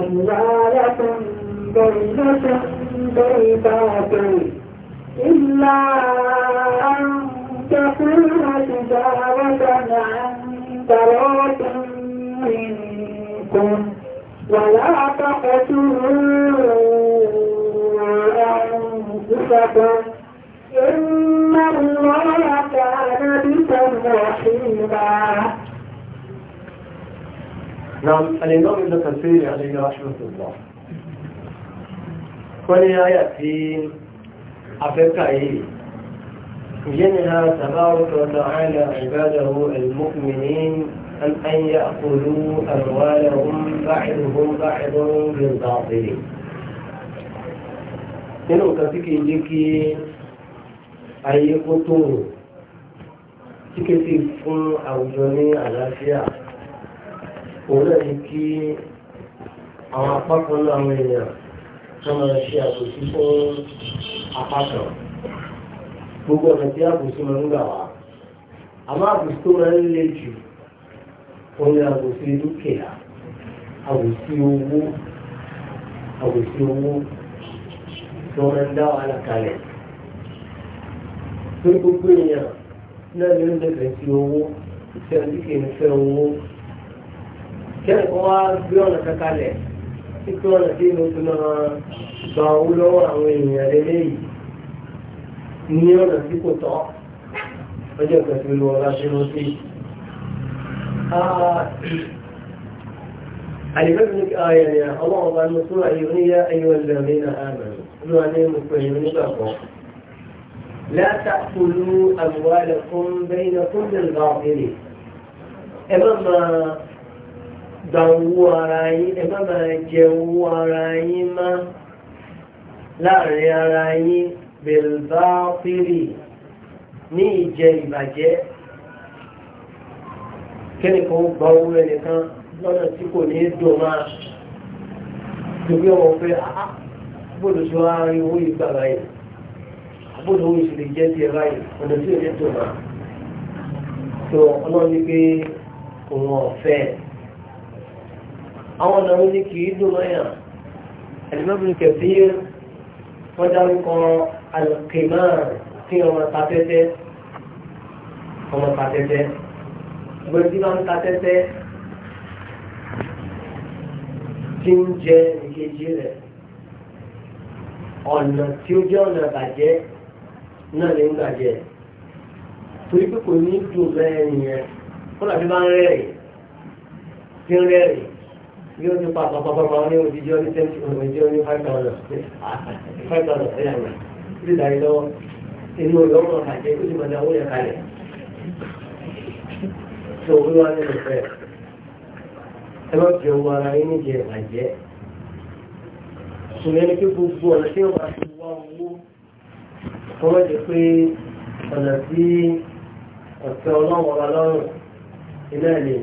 أموالكم بينكم بالباطل إلا أن تكون تجارة عن تراض منكم ولا تقتلوا أنفسكم إن الله كان بكم رحيما نعم الإمام ابن كثير عليه رحمة الله ونهاية في أفريقيا جنها تبارك وتعالى عباده المؤمنين أم أن يأخذوا أموالهم بعضهم بعض بالباطل nínú nǹkan tí أي قطور kí ayé kó tóòrò tí òun náà kí àwọn apákan náà àwọn èèyàn tó máa ṣe àbòsí fún apákan gbogbo ọ̀nà tí àbòsí máa ń gbà wá àmọ́ àbòsí tó máa ń le jù òun ni àbòsí dúkìá àbòsí owó àbòsí owó tó máa ń dá wàhálà kalẹ̀ pé gbogbo èèyàn náà ni ń dẹ̀bẹ̀ sí owó ìfẹ́ dúkìá ìfẹ́ owó kẹ́nì kan wá gbé ọ̀nà kankan lẹ̀ títí ọ̀nà tí mo ti máa gba owó lọ́wọ́ àwọn èèyàn lélẹ́yìí ní ọ̀nà tí kò tọ́ ọjọ́ ìgbà tí olúwa bá ṣe lọ sí. àdìbẹ́bí ayẹyẹ ọlọ́run bá ní sóra yìí ní ayé wọn lẹ́nu nínú àmàlù olúwa ní mo pè é nígbàgbọ́. لا تأكلوا أموالكم بينكم بالباطل. إمام gba owó ara yín ẹ má máa jẹ owó ara yín má láàrin ara yín bilbaafiri ní ìjẹ ìbàjẹ́ kẹ́nìkan gba owó ẹnìkan lọ́nà tí kò ní dùn máa torí ọmọ pé gbọ́dọ̀ tí wọ́n rí owó ìgbà báyìí gbọ́dọ̀ owó ìṣẹ̀lẹ̀ jẹ́ ti ẹ̀ báyìí ọ̀nà tí ò ní dùn máa tó ọlọ́run ní pé òun ọ̀fẹ́ ẹ̀ àwọn ọ̀nà wọn ni kì í dùn lọ́yà ẹ̀lẹ́mọ́bìnrin kẹfì wọ́n dárúkọ alùkèmáà tí ọmọ tatẹ́tẹ́ ọmọ tatẹ́tẹ́ gbogbo tí wọ́n ń tatẹ́tẹ́ tí ń jẹ ìkejì rẹ̀ ọ̀nà tí ó jẹ́ ọ̀nà bàjẹ́ náà lè ń bàjẹ́ torí pé kò ní dùn lẹ́yìn yẹn kó làbí bá ń rẹ́rìn tí ń rẹ́rìn yóò ti pa àpapọ̀ ní òjijì ọdún ten to òjijì ọdún five thousand five thousand three hundred bí ìdarí lọ́wọ́ inú ìlọ́wọ́ ọ̀nà àjẹ́ ó sì mọ̀ ní àwọn yẹn kalẹ̀ tó o wíwá nínú fẹ́ ẹ má fi owó ara yín níjẹ àjẹ́ sùn ẹni pé gbogbo ọ̀nà tí wọ́n bá ti wá owó wọ́n má jẹ́ pé ọ̀nà tí ọ̀tẹ̀ ọlọ́wọ́ ọlọ́run iná ẹ̀ lè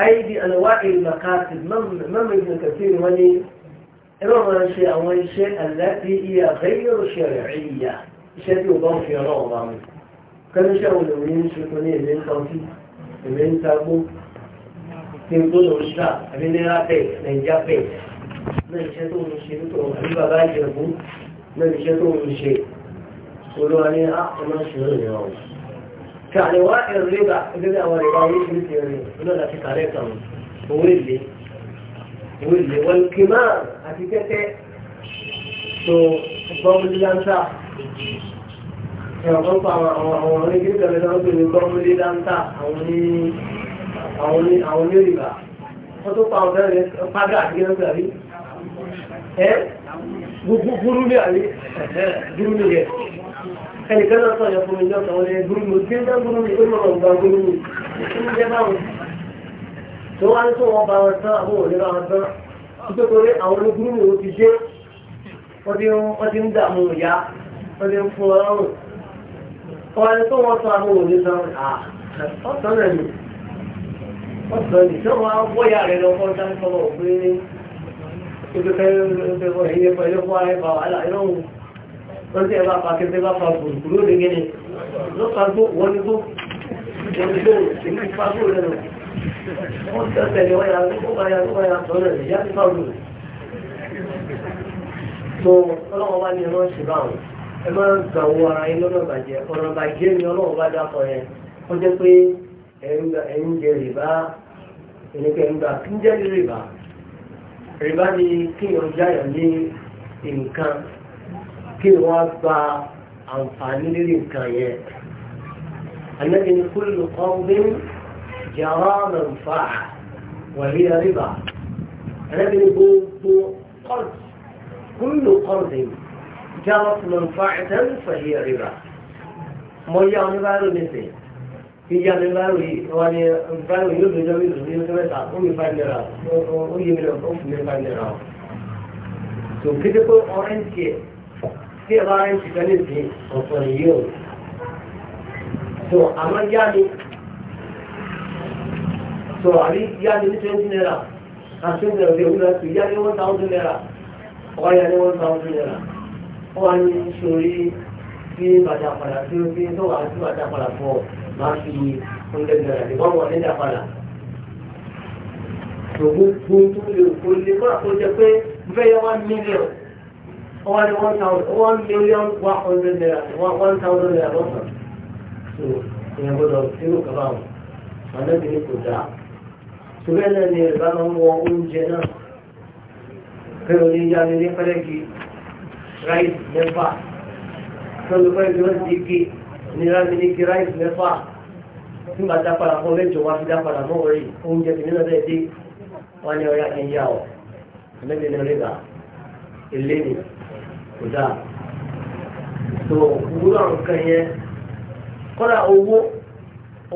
أي بأنواع المكاسب ما ما من كثير وني إنما شيء أو شيء التي هي غير شرعية شيء يضم في رغم كان شيء أولوين شكوني من توفي من تابو من كل وشاء من راتي من جابي من شيء تقول شيء تقول أبي بابا جابو من شيء تقول شيء قولوا أنا أحسن شيء اليوم كأنواع الربا الربا والرباوي في التيارين هنا لا تكاريك ويلي ويلي والكمار حقيقة تو بوم لانتا ẹ̀rọ pa àwọn onígbèsè ọ̀rẹ́dá ọdún ní gọ́ọ̀mùlé dáńtà àwọn onírìbà wọ́n tó pa ọ̀dọ́ rẹ̀ pàdé àgbẹ̀rẹ̀ àrí ẹ́ gbúgbúrú ní àrí gbúrú ní rẹ̀ ẹnìkan náà sọ̀rọ̀ fún mi ní ọ̀sán ọ̀rẹ́ gúrúmù tí ń dá gúrúmù ní ìgbìmọ̀ ọ̀gbà gúrúmù tí ń jẹ́ báwọn tó wá ní tó wọn bá wọn tán àwọn òní bá wọn tán nítorí àwọn onígúrúmù ó ti dé wọ́n ti ń dààmú ìyá wọ́n ti ń fún ọlọ́run ọ̀rọ̀ ẹni tó wọ́n tán àwọn òní tán ọ̀sán náà ni ọ̀sán ni tó wọn bóyá rẹ̀ lọ́kọ́ dáńtọ́ wọ́n tí ẹ bá pa kẹfẹ́ bá pa kùrùkùrù lè gẹ́ ni ló pa gbó wọ́n ní gbó wọ́n ní gbó èmi pa gbó rẹ̀ lọ wọ́n tẹ́ tẹ̀lé wáyà ó bá ya ó bá ya sọ rẹ̀ ìyá ti tó ọlọ́wọ́ bá ní ẹ̀rọ ìṣèlú ni ọlọ́wọ́ bá dákọ̀ yẹn ó jẹ́ pé ẹ̀ń jẹ rìbá ẹ̀nìkẹ́ ń gbà kí ń jẹ́ rìbá rìbá ní nǹkan kí wọ́n gba àǹfààní lórí nǹkan yẹn. Ànábi ni kúlù ọ̀gbìn jàrá mẹ́fà wàlí rìbá. Ànábi ni gbogbo ọ̀d kúlù ọ̀gbìn jàrá mẹ́fà ìtẹ́lẹ̀ fàlí rìbá. Mo yá oníbàárò nísìn. Ìyá mi báyìí yìí wọ́n ní báyìí yóò lójọ́ mi lòdì ní sẹ́mẹ́ta ó ó yé mi lọ ó fún mi bá nira. Tòkítí pé tí ẹ bá ń ṣiṣẹ́ níbi ọ̀pọ̀ yìí o so àmọ́ yá ni so àbí yá ni ní twenty naira àti twenty naira òde òwúrọ̀ sí yá ni one thousand naira ọ̀wá yá ni one thousand naira ọ̀wá ni sori bí bàtà padà tí ó fi tó wà sí bàtà padà fọ máa fi hundred naira ní wọ́n wọ̀ ní ìdá padà so tó lè kó lè kó àkójọ pé mo fẹ́ million one one thousand one million one hundred naira one one thousand naira lọ́sàn so ìyẹn gbọ́dọ̀ zero kaba wọn ànábìrin kò dáa ṣùgbọ́n ni ìrìbá máa ń wọ oúnjẹ náà pẹ̀lú ní ìyá mi ní pẹ́lẹ́gì ráìsì mẹ́fà pẹ̀lú pẹ́lú ní ìdíkì ní ráìsì ní kí ráìsì mẹ́fà nígbà tá a padà fún mẹ́jọ wá fi dá padà mọ́ wọ̀nyí oúnjẹ tìmínà bẹ́ẹ̀ dé wọ́n ní ọ̀yà ẹ̀yà ọ̀ ànábìrin rẹ̀ dáa eléyìí kò dáa tó wúlò nǹkan yẹn kọ́dà owó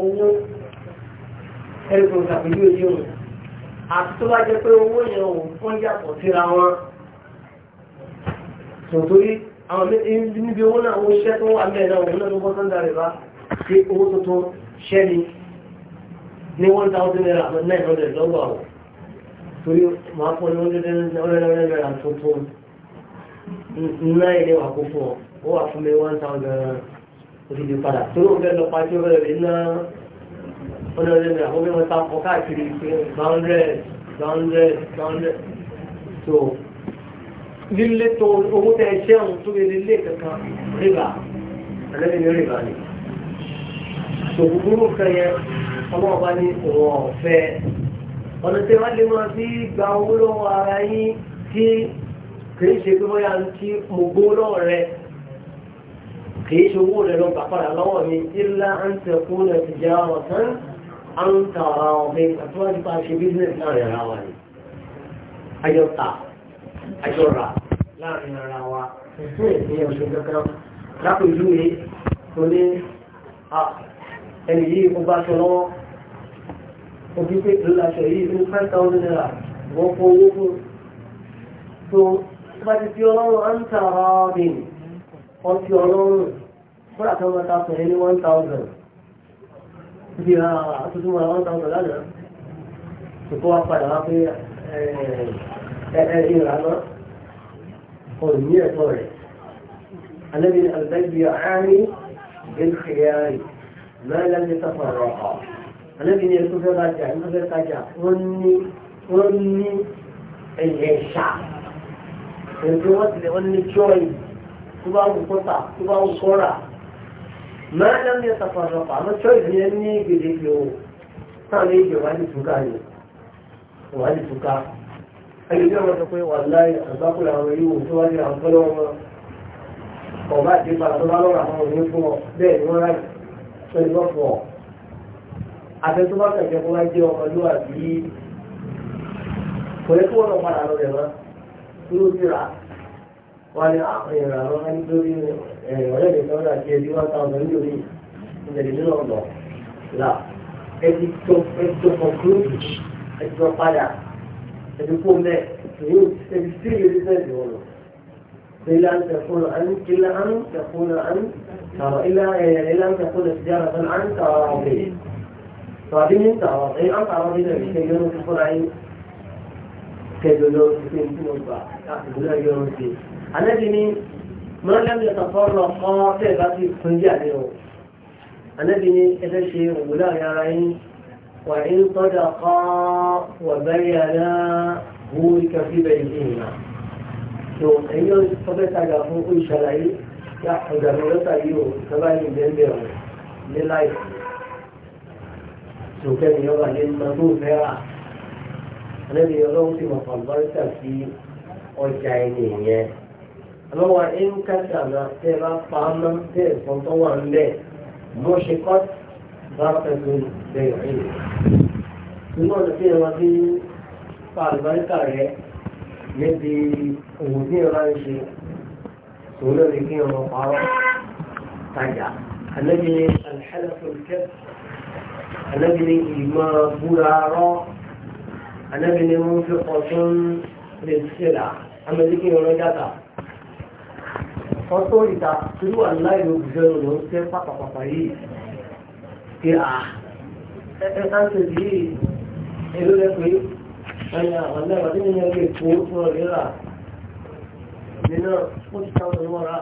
owó ẹ̀rọ ìgbàgbé yóò yóò àti tó bá jẹ́ pé owó yẹn ò fún yàtọ̀ síra wọn tòtórí àwọn níbi owó náà owó iṣẹ́ tó wà mẹ́rin àwọn olóòtú bọ́ sọ́ndà rẹ̀ bá sí owó tuntun ṣẹ́ ni ní one thousand naira nine hundred lọ́gbà ọ̀ torí màá fọ́ ní one hundred naira tuntun ńlá ilé wà kó fún ọ wà fún mi one òṣìṣẹ́ padà tó ló ń lọ pàṣẹ ọ̀rẹ́ rẹ̀ ná ọ̀nàdẹ́mì àkọ́bí wọn ta ọkọ̀ káàkiri pé boundary so lílé tó owó tẹ ẹṣẹ́ ọ̀hún tó lè lé kankan rìbá ẹlẹ́bí ní rìbá ni so búburú kan ọmọ ọba ní òun ọ̀fẹ́ ọ̀nà tí wọ́n lè máa fi gba owó lọ́wọ́ ara yín kí kìí ṣe pé bóyá tí mo gbó lọ́wọ́ rẹ kìí ṣe owó rẹ lọ gbà padà lọ́wọ́ mi ilá ń tẹ̀kún rẹ̀ ti jẹ́ ọ̀rọ̀ tán à ń ta ara ọ̀gbìn àtúwájú bá ṣe bísíǹsì láàrin ara wa ni ayọ̀ ta ayọ̀ rà láàrin ara wa ìyẹn oṣù kankan lápòjú yìí tó ní ẹni yìí mo bá ṣe lọ́wọ́ mo pé ìlú aṣọ yìí ní five thousand naira wọ́n fọ owó fún tó tó bá ti fi ọlọ́run à ń tà rọ́ọ̀dì wọ́n fi ọlọ́run fún àtàwọn ọ̀tá sọ yẹn ní one thousand ibi àtúntò mọ́ra one thousand lánàá ṣùgbọ́n wá padà wá pé ìrànà òní ẹ̀tọ́ rẹ̀ alẹ́bí alẹ́bí àárín ìlúkìyàrí mẹ́lẹ́ ní sọ́fọ̀rọ̀ ọ̀ alẹ́bí ní ẹ̀tọ́ fẹ́ bá jà ní fẹ́ ká jà wọ́n ní ẹ̀yẹ̀ ṣáà ẹ̀ńtí wọ́n ti lè wọ́n ní jọ́ọ̀yì tó bá wù kọ́ta tó bá wù kọ́ra máa ń lẹ́nu ẹ̀ta fàdọ̀pà àmọ́ jọ́ọ̀yì yẹn ní gbèdéke o táwọn èèyàn wá ní túká ni wà ní túká ayélujára wọn sọ pé wà láì àgbákùnrin àwọn èyí wò tó wá ní àwọn tọ́lọ́ wọn ọba àti ìpàdánù lọ́rọ̀ àwọn òní fún ọ bẹ́ẹ̀ ni wọ́n ráì pẹ̀lú ọ̀pọ̀ àfẹ́tọ́bá kẹ̀kẹ́ kó wá jẹ́ ọmọlúwàbí kò yẹ kí wọ́n lọ padà lọ يوزرع والآخرة ومن يريد ويريد ولا يريد ومن يريد من يريد الله لا ẹni tó ẹni tó conclude ẹni tó padà ẹni kó mẹ yóò ẹni tí yóò di sẹ́ẹ̀dì wọn lọ. إلا أن تكون عن إلا أن تكون عن إلا إلا أن تكون تجارة عن تعرضين. تعرضين تعرضين أن تعرضين بشيء يكون عن kẹjọ lọ sí ní ìlú ọgbà àtìgbọ́n náà yọrọ sí. ànábì ni mọ́lẹ́mì ìtàkọ́rọ̀ kan fẹ́ẹ̀ bá ti fún yà ní o. ànábì ni ẹfẹ́ ṣe òwúlà yàrá yín wà ń tọ́jà kan wà bẹ́ẹ̀ yàrá wú ikẹ́ fíbẹ̀ ìlú ìlà. tó ẹ̀yin ọ̀fẹ́ tajà fún olùṣàlàyé yà ọ̀gá mi lọ́tà yìí o sábà ní ìbẹ́ẹ̀ ní láì. tòkẹ́ mi yọ ànábi ọlọ́run sì mọ̀ fàlùbáríkà sí ọjà ẹni yẹn àmọ́wá ẹni káṣà náà tẹ́ ẹ bá pa á mọ́ tẹ́ ẹ fọ́n tó wà ń bẹ̀ mo ṣe kọ́ bá pẹ̀lú bẹ̀rẹ̀ rẹ̀ nínú ọ̀nà tí ẹ wá bí fàlùbáríkà rẹ̀ níbi òwò tí ẹ ń ṣe òun náà ní kí ọmọ pààrọ̀ tajà ànábi alḥàlàfọ̀ ìkẹ́ ànábi ìmọ̀ búra rọ́ ànábi ni wọ́n fi ọ̀tún lè sílà amẹ́ríkì ìrọ̀lẹ́ dàtà ìta tìlú aláìlú òbíṣẹ́ ló ń tẹ́ pàpàpàpà yìí kí a ẹ̀ ká ń yìí èló rẹ̀ pé ẹ̀yà ọ̀lẹ́ ọ̀dẹ́ nínú ẹgbẹ́ ìfò fún ọ̀rẹ́ rà nínú ó ti sáwọn ọ̀rẹ́ wọn rà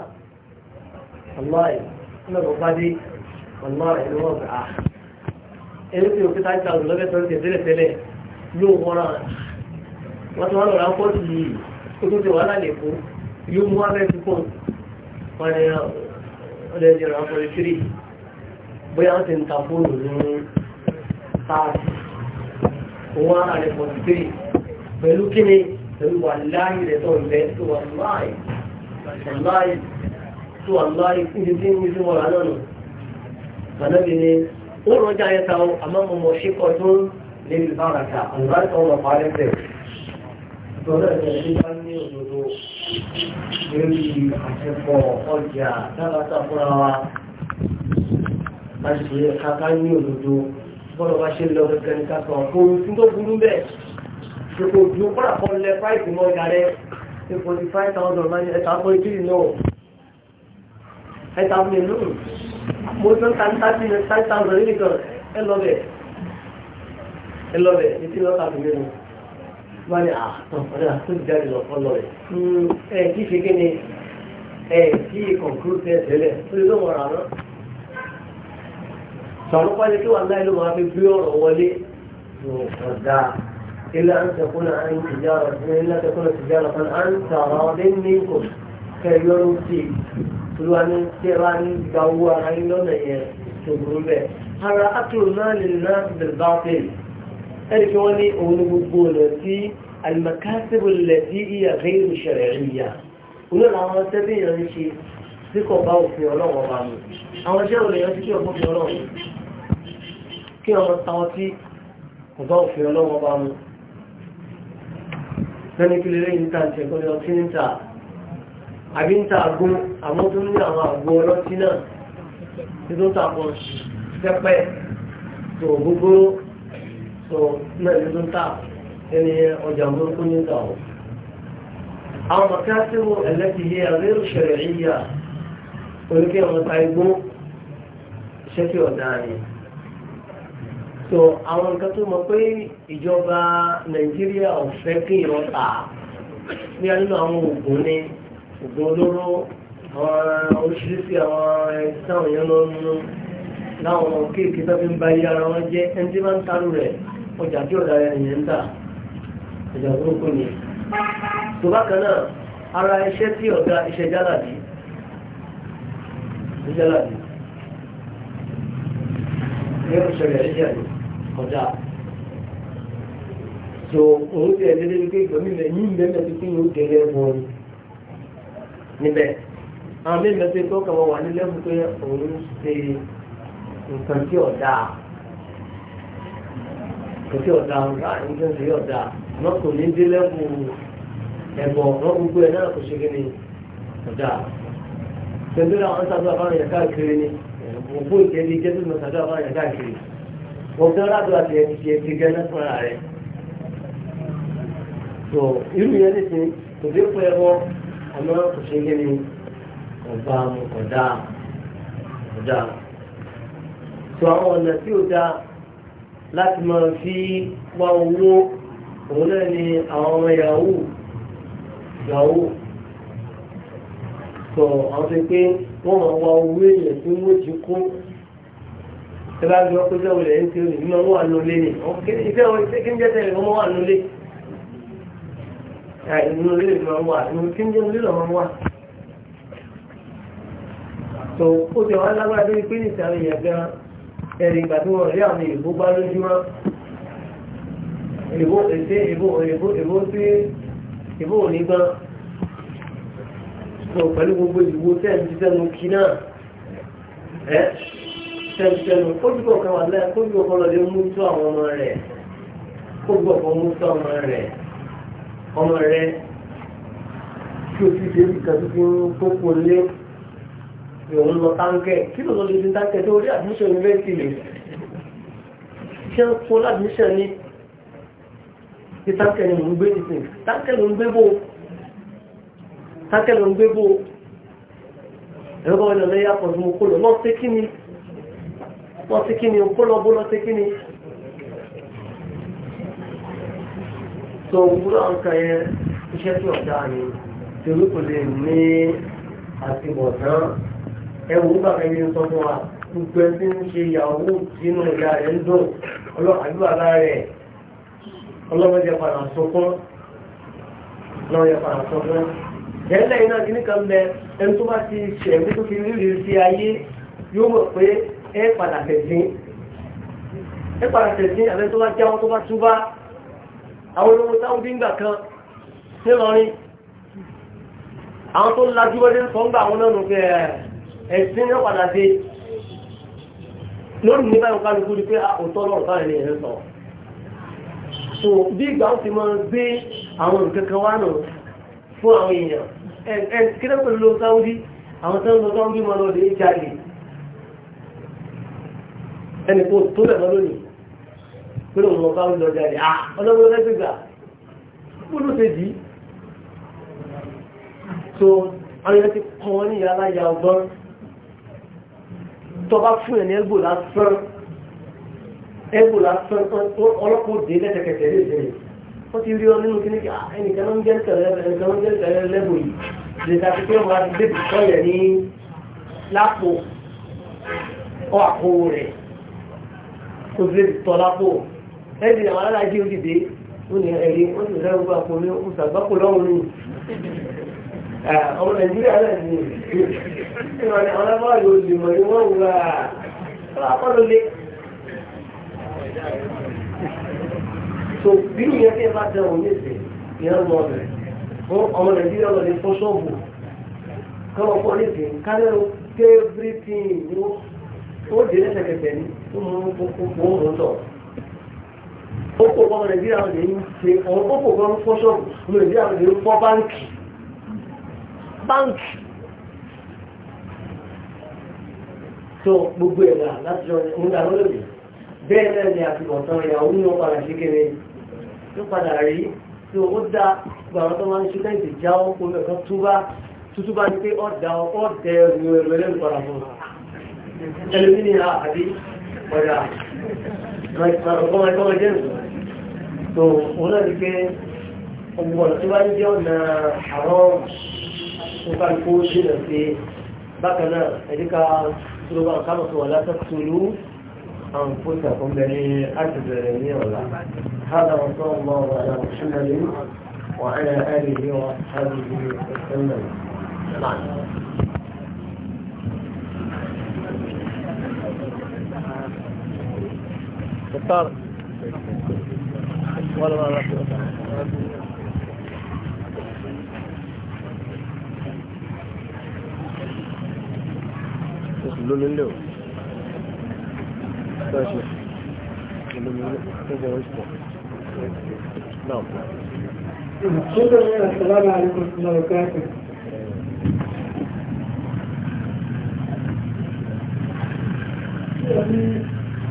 ọ̀láì ní ọ̀pọ̀ bá dé ọ̀láì ah, ni wọ́n gbà á. èyí tí òkúta ń ta òun lọ́gẹ́tọ̀ ń tẹ̀lé tẹ́lẹ̀ yóò wọ́nà wọ́n ti wọ́n lọ ráńpọ̀ sí yìí ó tó ti wà lálẹ́ kó yóò mú abẹ́ ti kó wọn ni ti ráńpọ̀ sí tírì bóyá wọ́n ti ń ta fóònù ní táàsì òun ara rẹ̀ pọ̀ sí tírì pẹ̀lú kíni pẹ̀lú wà láàyè rẹ̀ tó ń bẹ tó wà láàyè láàyè tó David Baraka and write all the five days. So that the Iban ní òdodo lórí àṣepọ̀ ọjà dábàtà fúnra wa. Àṣìṣe kàkà ní òdodo bọ́lọ̀ bá ṣe lọ gẹ́gẹ́ ní kàkà fún un tó burú bẹ́ẹ̀. Ṣèkò ju kọ́là kan lẹ fáìsì mọ́ ìyá rẹ̀ ṣe forty five thousand nine ẹ̀ta fún ìdílé náà. Ẹ̀ta fún ìlú. Mo tún ta ní thirty thousand nìkan ẹ lọ bẹ̀ ẹlọ́rẹ̀ ní lọ́ta fi mẹ́nu wọ́n ní àtàn ah, ọ̀dà tó jáde lọ hmm, ṣe kí ni ẹ kí kọ̀ǹkúrú ilé àǹtẹ̀kùnà àǹtìjára ilé àǹtẹ̀kùnà tìjára kan àǹtàrà ọdẹ nìkan kẹyọrù sí i tolúwa ní tẹ́ra ní gbawó ara lọ́nà yẹn tó burú bẹ́ẹ̀ ara àtúrò náà lè ná bẹ̀rẹ̀ bá tẹ̀lé ẹni tí wọ́n ní òun ní gbogbo ọ̀nà tí alimakasibu lẹ́tí ìyà gẹ́rù ṣẹ̀rẹ̀ ìyà òun náà àwọn tẹ́bí yẹn ń ṣe tí kò bá òfin ọlọ́run ọba mu àwọn iṣẹ́ òun èèyàn ti kí ọgbọ́n fi ọlọ́run kí ọmọ táwọn tí kò bá òfin ọlọ́run ọba mu lẹ́ni kí lélẹ́yìn níta ń tẹ̀kọ́ lọ sí níta àbí níta àgbo àmọ́ tó ní àwọn àgbo ọlọ́tí náà tí tó tàpọ̀ pẹ́pẹ́ tó gbogbo tó náà ní ló tà ẹni ọjà burúkú ní ìgbà wọn. àwọn makasibu allati hiya ghayr shar'iyya oníkẹ́ ọmọ ta igbó ṣẹ́kì ọ̀dà ni. tó àwọn nǹkan tó mọ̀ pé ìjọba nàìjíríà ò fẹ́ kí ìrọ̀ tà bí a àwọn oògùn ni oògùn olóró àwọn oríṣiríṣi àwọn ẹ̀sán ìyẹn lọ́nà láwọn kéèké tó fi ń ba iye ara wọn jẹ́ ẹni tí máa ń tarú rẹ̀ ọjà tí ọ̀dà rẹ̀ nìyẹn ń tà ọjà burúkú ni tó bákan náà ara iṣẹ́ tí ọ̀dà iṣẹ́ jálàbí jálàbí ní ìṣẹ̀lẹ̀ ìṣẹ̀ ọjà so òun ti ẹ̀dẹ́dẹ́ wípé ìgbọ̀n mímẹ́ yìí ń bẹ́ẹ̀ ti pín oúnjẹ rẹ̀ fún un níbẹ̀ àwọn mímẹ́ ti kọ́ kàwọn wà ní lẹ́fún pé òun ṣe nǹkan tí ọ̀dà kò sí ọ̀dà láàrin tó ọ̀dà náà ní dé ẹ̀bọ̀ náà ẹ̀ náà kò ṣe kí ni ọ̀dà tẹ̀lé àwọn sábà bá yẹn káàkiri ni òpó ìkẹ́lẹ́ jẹ́ tó ń sábà bá yẹn káàkiri wọ́n fẹ́ ládùúgbò àti ẹni ti ẹtì gẹ́gẹ́ fúnra rẹ̀ tó irú yẹn ní sin kò dé pẹ́ ẹ̀wọ́ àmọ́ kò ṣe kí ni ọ̀bá ọ̀dà ọ̀dà tó àwọn ọ̀nà tí ó dáa láti máa fi wá owó òun náà ni àwọn ọmọ yahoo yahoo sọ àwọn tó pé wọ́n máa wá owó èèyàn tí wọ́n ti kó ẹ bá gbé ọkọ̀ ìṣẹ́wò lẹ́yìn tí ó lè máa wà nulẹ̀ ni ìfẹ́ wọn kí ń jẹ́ tẹ̀lé ọmọ wà nulẹ̀ inú ilé lọ wà inú kí ń jẹ́ ilé lọ wà tó ó jẹ́ wọn lágbára lórí pé nìkan ìyẹn gan ẹ̀rì tí wọ́n rí àwọn ìbò bá lójúmọ́ ìbò ètè ìbò ìbò tí ìbò ò ní gan sọ pẹ̀lú gbogbo ìwò tẹ́ǹtì kí náà ẹ́ tẹ́ǹtì sẹ́nu kójúbọ̀ kan wà lẹ́yìn kójúbọ̀ kan lọ́dẹ mú tó àwọn ọmọ rẹ̀ kójúbọ̀ kan mú tó ọmọ rẹ̀ ọmọ rẹ̀ tí o ti ṣe ìkàtúntún kókó lé pé òun lọ táǹkẹ́ kí ló lọ lè fi táǹkẹ́ tó rí admission university lè ṣe ń fún admission ní tí táǹkẹ́ ni mò ń gbé nìsín táǹkẹ́ ló ń gbé bò táǹkẹ́ ló ń gbé bò ẹ̀rọ bá wọlé lọ́yà pọ̀ sí kó lọ sí kí ni kó lọ bó lọ́ọ́ sí kí ni. sọ wúrọ̀ nǹkan iṣẹ́ tí ọ̀dá ni torí kò lè ní àtibọ̀tán ẹwù nígbà kan ń sọ fún wa gbogbo ẹ ti ń ṣe ìyàwó sínú ìyá rẹ̀ ń dùn ọlọ́àdúrà lára rẹ̀ ọlọ́mọdé padà sọkún lọ́yẹ̀ padà sọkún tẹ́lẹ̀ iná kìíní kan bẹ ẹni tó bá ti ṣẹ̀mí tó fi rírì sí ayé yóò mọ̀ pé ẹ padà tẹ̀sín ẹ padà tẹ̀sín àbẹ́ tó bá jáwọ́ tó bá túbá àwọn olówó táwọn bí ń kan nílọrin àwọn tó lajú wọlé ń sọ ń àwọn náà nù ẹ̀sìn náà padà dé lónìí ní báyìí kálukú di pé òótọ́ náà báyìí ni ẹ̀rẹ́ sọ so bí ìgbà ó ti máa gbé àwọn nǹkan kan wá nù fún àwọn èèyàn ẹ̀ ẹ̀ kílẹ̀ pẹ̀lú lọ sáwúdí àwọn tó ń lọ sáwúdí máa lọ lè jalè ẹnì kò tó lẹ̀ lọ lónìí pé òun lọ sáwúdí lọ jalè à ọlọ́gbọ́n lọ́dẹ́ gbà bólú ṣe dì í so àwọn èèyàn ti kọ́ wọn ní ìyá aláya tọba fún ẹ̀ ní ẹgbò lásán ẹgbò lásán ọlọ́pọ̀ dé lẹ́tẹ̀kẹ̀tẹ̀ lè dẹ̀ wọ́n ti rí ọ nínú kí ní ẹnìkan ló ń jẹ́ tẹ̀lé ẹnìkan ló ń jẹ́ tẹ̀lé lẹ́bù yìí lè ta pé wọ́n á ti dé bìtọ́ yẹ̀ ní lápò ọ àpò rẹ̀ kó dé bìtọ́ lápò ẹ̀dì àwọn aláàjì ó dìde ó ní ẹ̀rí ó sì rẹ́ gbogbo àpò mi ó sàgbápò lọ́rùn ni ọmọ nàìjíríà náà ní ìwọ̀n àwọn amáyò wọ́n wúra àpọ́lọ́ lé. so bí ìyẹn kí ẹ bá tẹ òun ní ìsìn ìyẹn lọ rẹ̀ fún ọmọ nàìjíríà lọ ní fún ṣọ́ọ̀bù kọ́mọ ní ìsìn kálẹ́rù everything ni ó dé lẹ́sẹ̀kẹsẹ̀ ní ó mú kókó mú tọ̀ ó kó ọmọ nàìjíríà lè ń ṣe ọmọ kókó kan fún ọmọ nàìjíríà lè ń fọ́ báńkì báńkì tó gbogbo ẹ̀dá láti jọ ń dá lórí bẹ́ẹ̀ náà ni àtibọ̀tán ìyàwó ní wọn padà sí kéré ló padà rí tí ó dá gbàrán tó máa ń ṣúgbẹ́ ìdè já ó kó lẹ́ẹ̀kan túbá tútú bá ní pé ọ̀dà ọ̀dẹ ẹ̀rù ẹ̀rù ẹlẹ́rù padà fún un ẹlẹ́mí ni a àbí ọ̀dà ọgbọ́n ẹgbọ́n ẹgbẹ́ rẹ̀ tó òun náà ní pé ọgbọ̀n tó bá ń jẹ́ ọ̀nà àwọn الشيطان كوشن في بكنا هذيك تروى كما ولا تقتلوا أنفسكم يعني أجد ولا هذا رسول الله وعلى محمد وعلى آله وأصحابه وسلم نعم Walau نعم. نعم. lónílé o ṣẹ́ṣẹ́ olónílé ní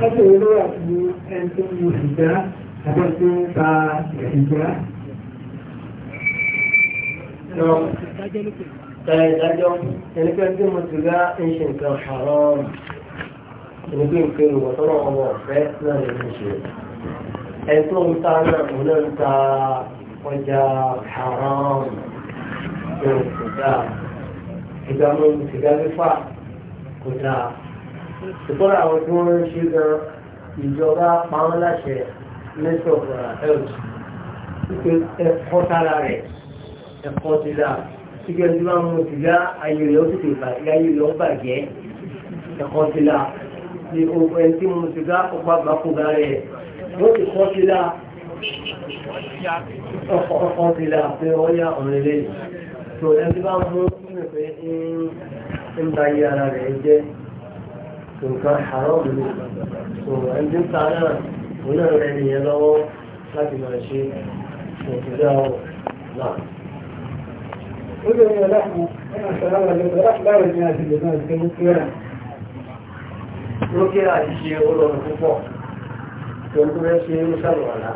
Ọjọ́ ìlú àti ìdájọ́ ẹni pé tí mo ti gá ń ṣe nǹkan haram ẹni pé nǹkan ìwọ̀ tọ́lọ̀ ọmọ ọ̀fẹ́ náà lè fi ṣe ẹni tó ń ta náà òun náà ń ta ọjà haram ẹni kò dáa ìgbà mo ti gá fífà kò dáa ìkọ́lá àwọn tí wọ́n ń ṣe gan ìjọba pàwọn láṣẹ lẹ́sọ̀ ẹ̀kọ́ tára rẹ̀ ẹ̀kọ́ ti dáa ibi ẹni tí wọ́n mú sìgá ayé rẹ̀ ó sì tèbà ilé ayé rẹ̀ ó bàjẹ́ ẹ̀kọ́ sí la ni ẹni tí mú sìgá ọ̀pá àgbàkùnrin rẹ̀ ó sì kọ́ sí la ọkọ̀ sí la pé wọ́n yá ọ̀rẹ́ lé tó ẹni tí wọ́n mú sínú pé ń ba iye ara rẹ̀ jẹ́ nǹkan àárọ̀ mi tó ẹni tí ń ta náà òun náà rẹ̀ nìyẹn lọ́wọ́ láti máa ṣe òkúta ọ̀ náà. إذا يا لحمة أنا سلامة جدا راح دار الناس اللي ناس كمكيرا مكيرا يشي يقولون كفو يقولون يشي يسلوا لها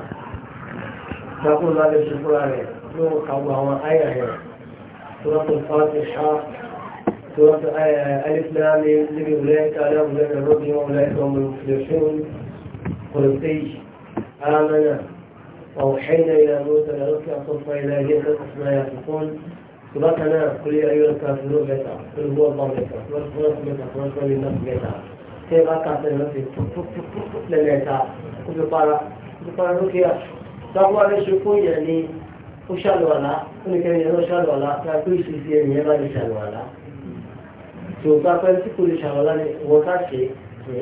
تقول هذا الشكر عليه نور الله آية هي سورة الفاتحة سورة آية، ألف لام لم أولئك على أولئك الرب وأولئك هم المفلحون قلتي آمنا وأوحينا إلى موسى لنركع صفا إلى جهة الأسماء يقول سبحانه قل يا أيها الكافرون متى قل هو الله متى فرص متى فرص للنفس متى كيف أتعطي النفس لمتى قل بقارة بقارة ركيا سأقوى لشكو يعني وشال ولا قل كم يعني شال ولا فأقول سيسي يعني ما يشال ولا سو تقول سيكون شال ولا وكاشي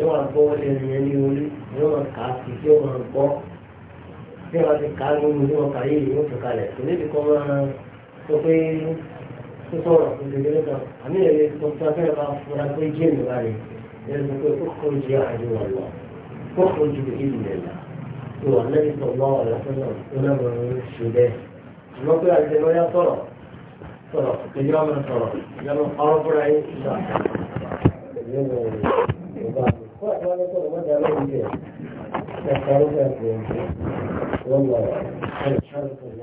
يوم أبوه يعني يولي يوم أكاسي يوم أبوه يوم أكاسي يوم أكاسي يوم أكاسي يوم أكاسي يوم أكاسي tó pé tó sọ̀rọ̀ ìdílé kan àmì ẹ̀rẹ́ tó tó afẹ́rẹ́ bá fura pé jẹ́ ìlúwa rẹ̀ ẹ̀rẹ́ tó pé ó kọ́ jẹ́ àdúrà lọ ó kọ́ ju ìlú rẹ̀ tó wà lẹ́yìn tó lọ ọ̀rọ̀ tó lọ tó lọ́wọ́ ṣe bẹ́ẹ̀. àmọ́ pé àti ẹ̀rọ yá sọ̀rọ̀ sọ̀rọ̀ èyí ọmọ sọ̀rọ̀ ìyọnu ọ̀rọ̀ fúnra yín gbà. Thank you.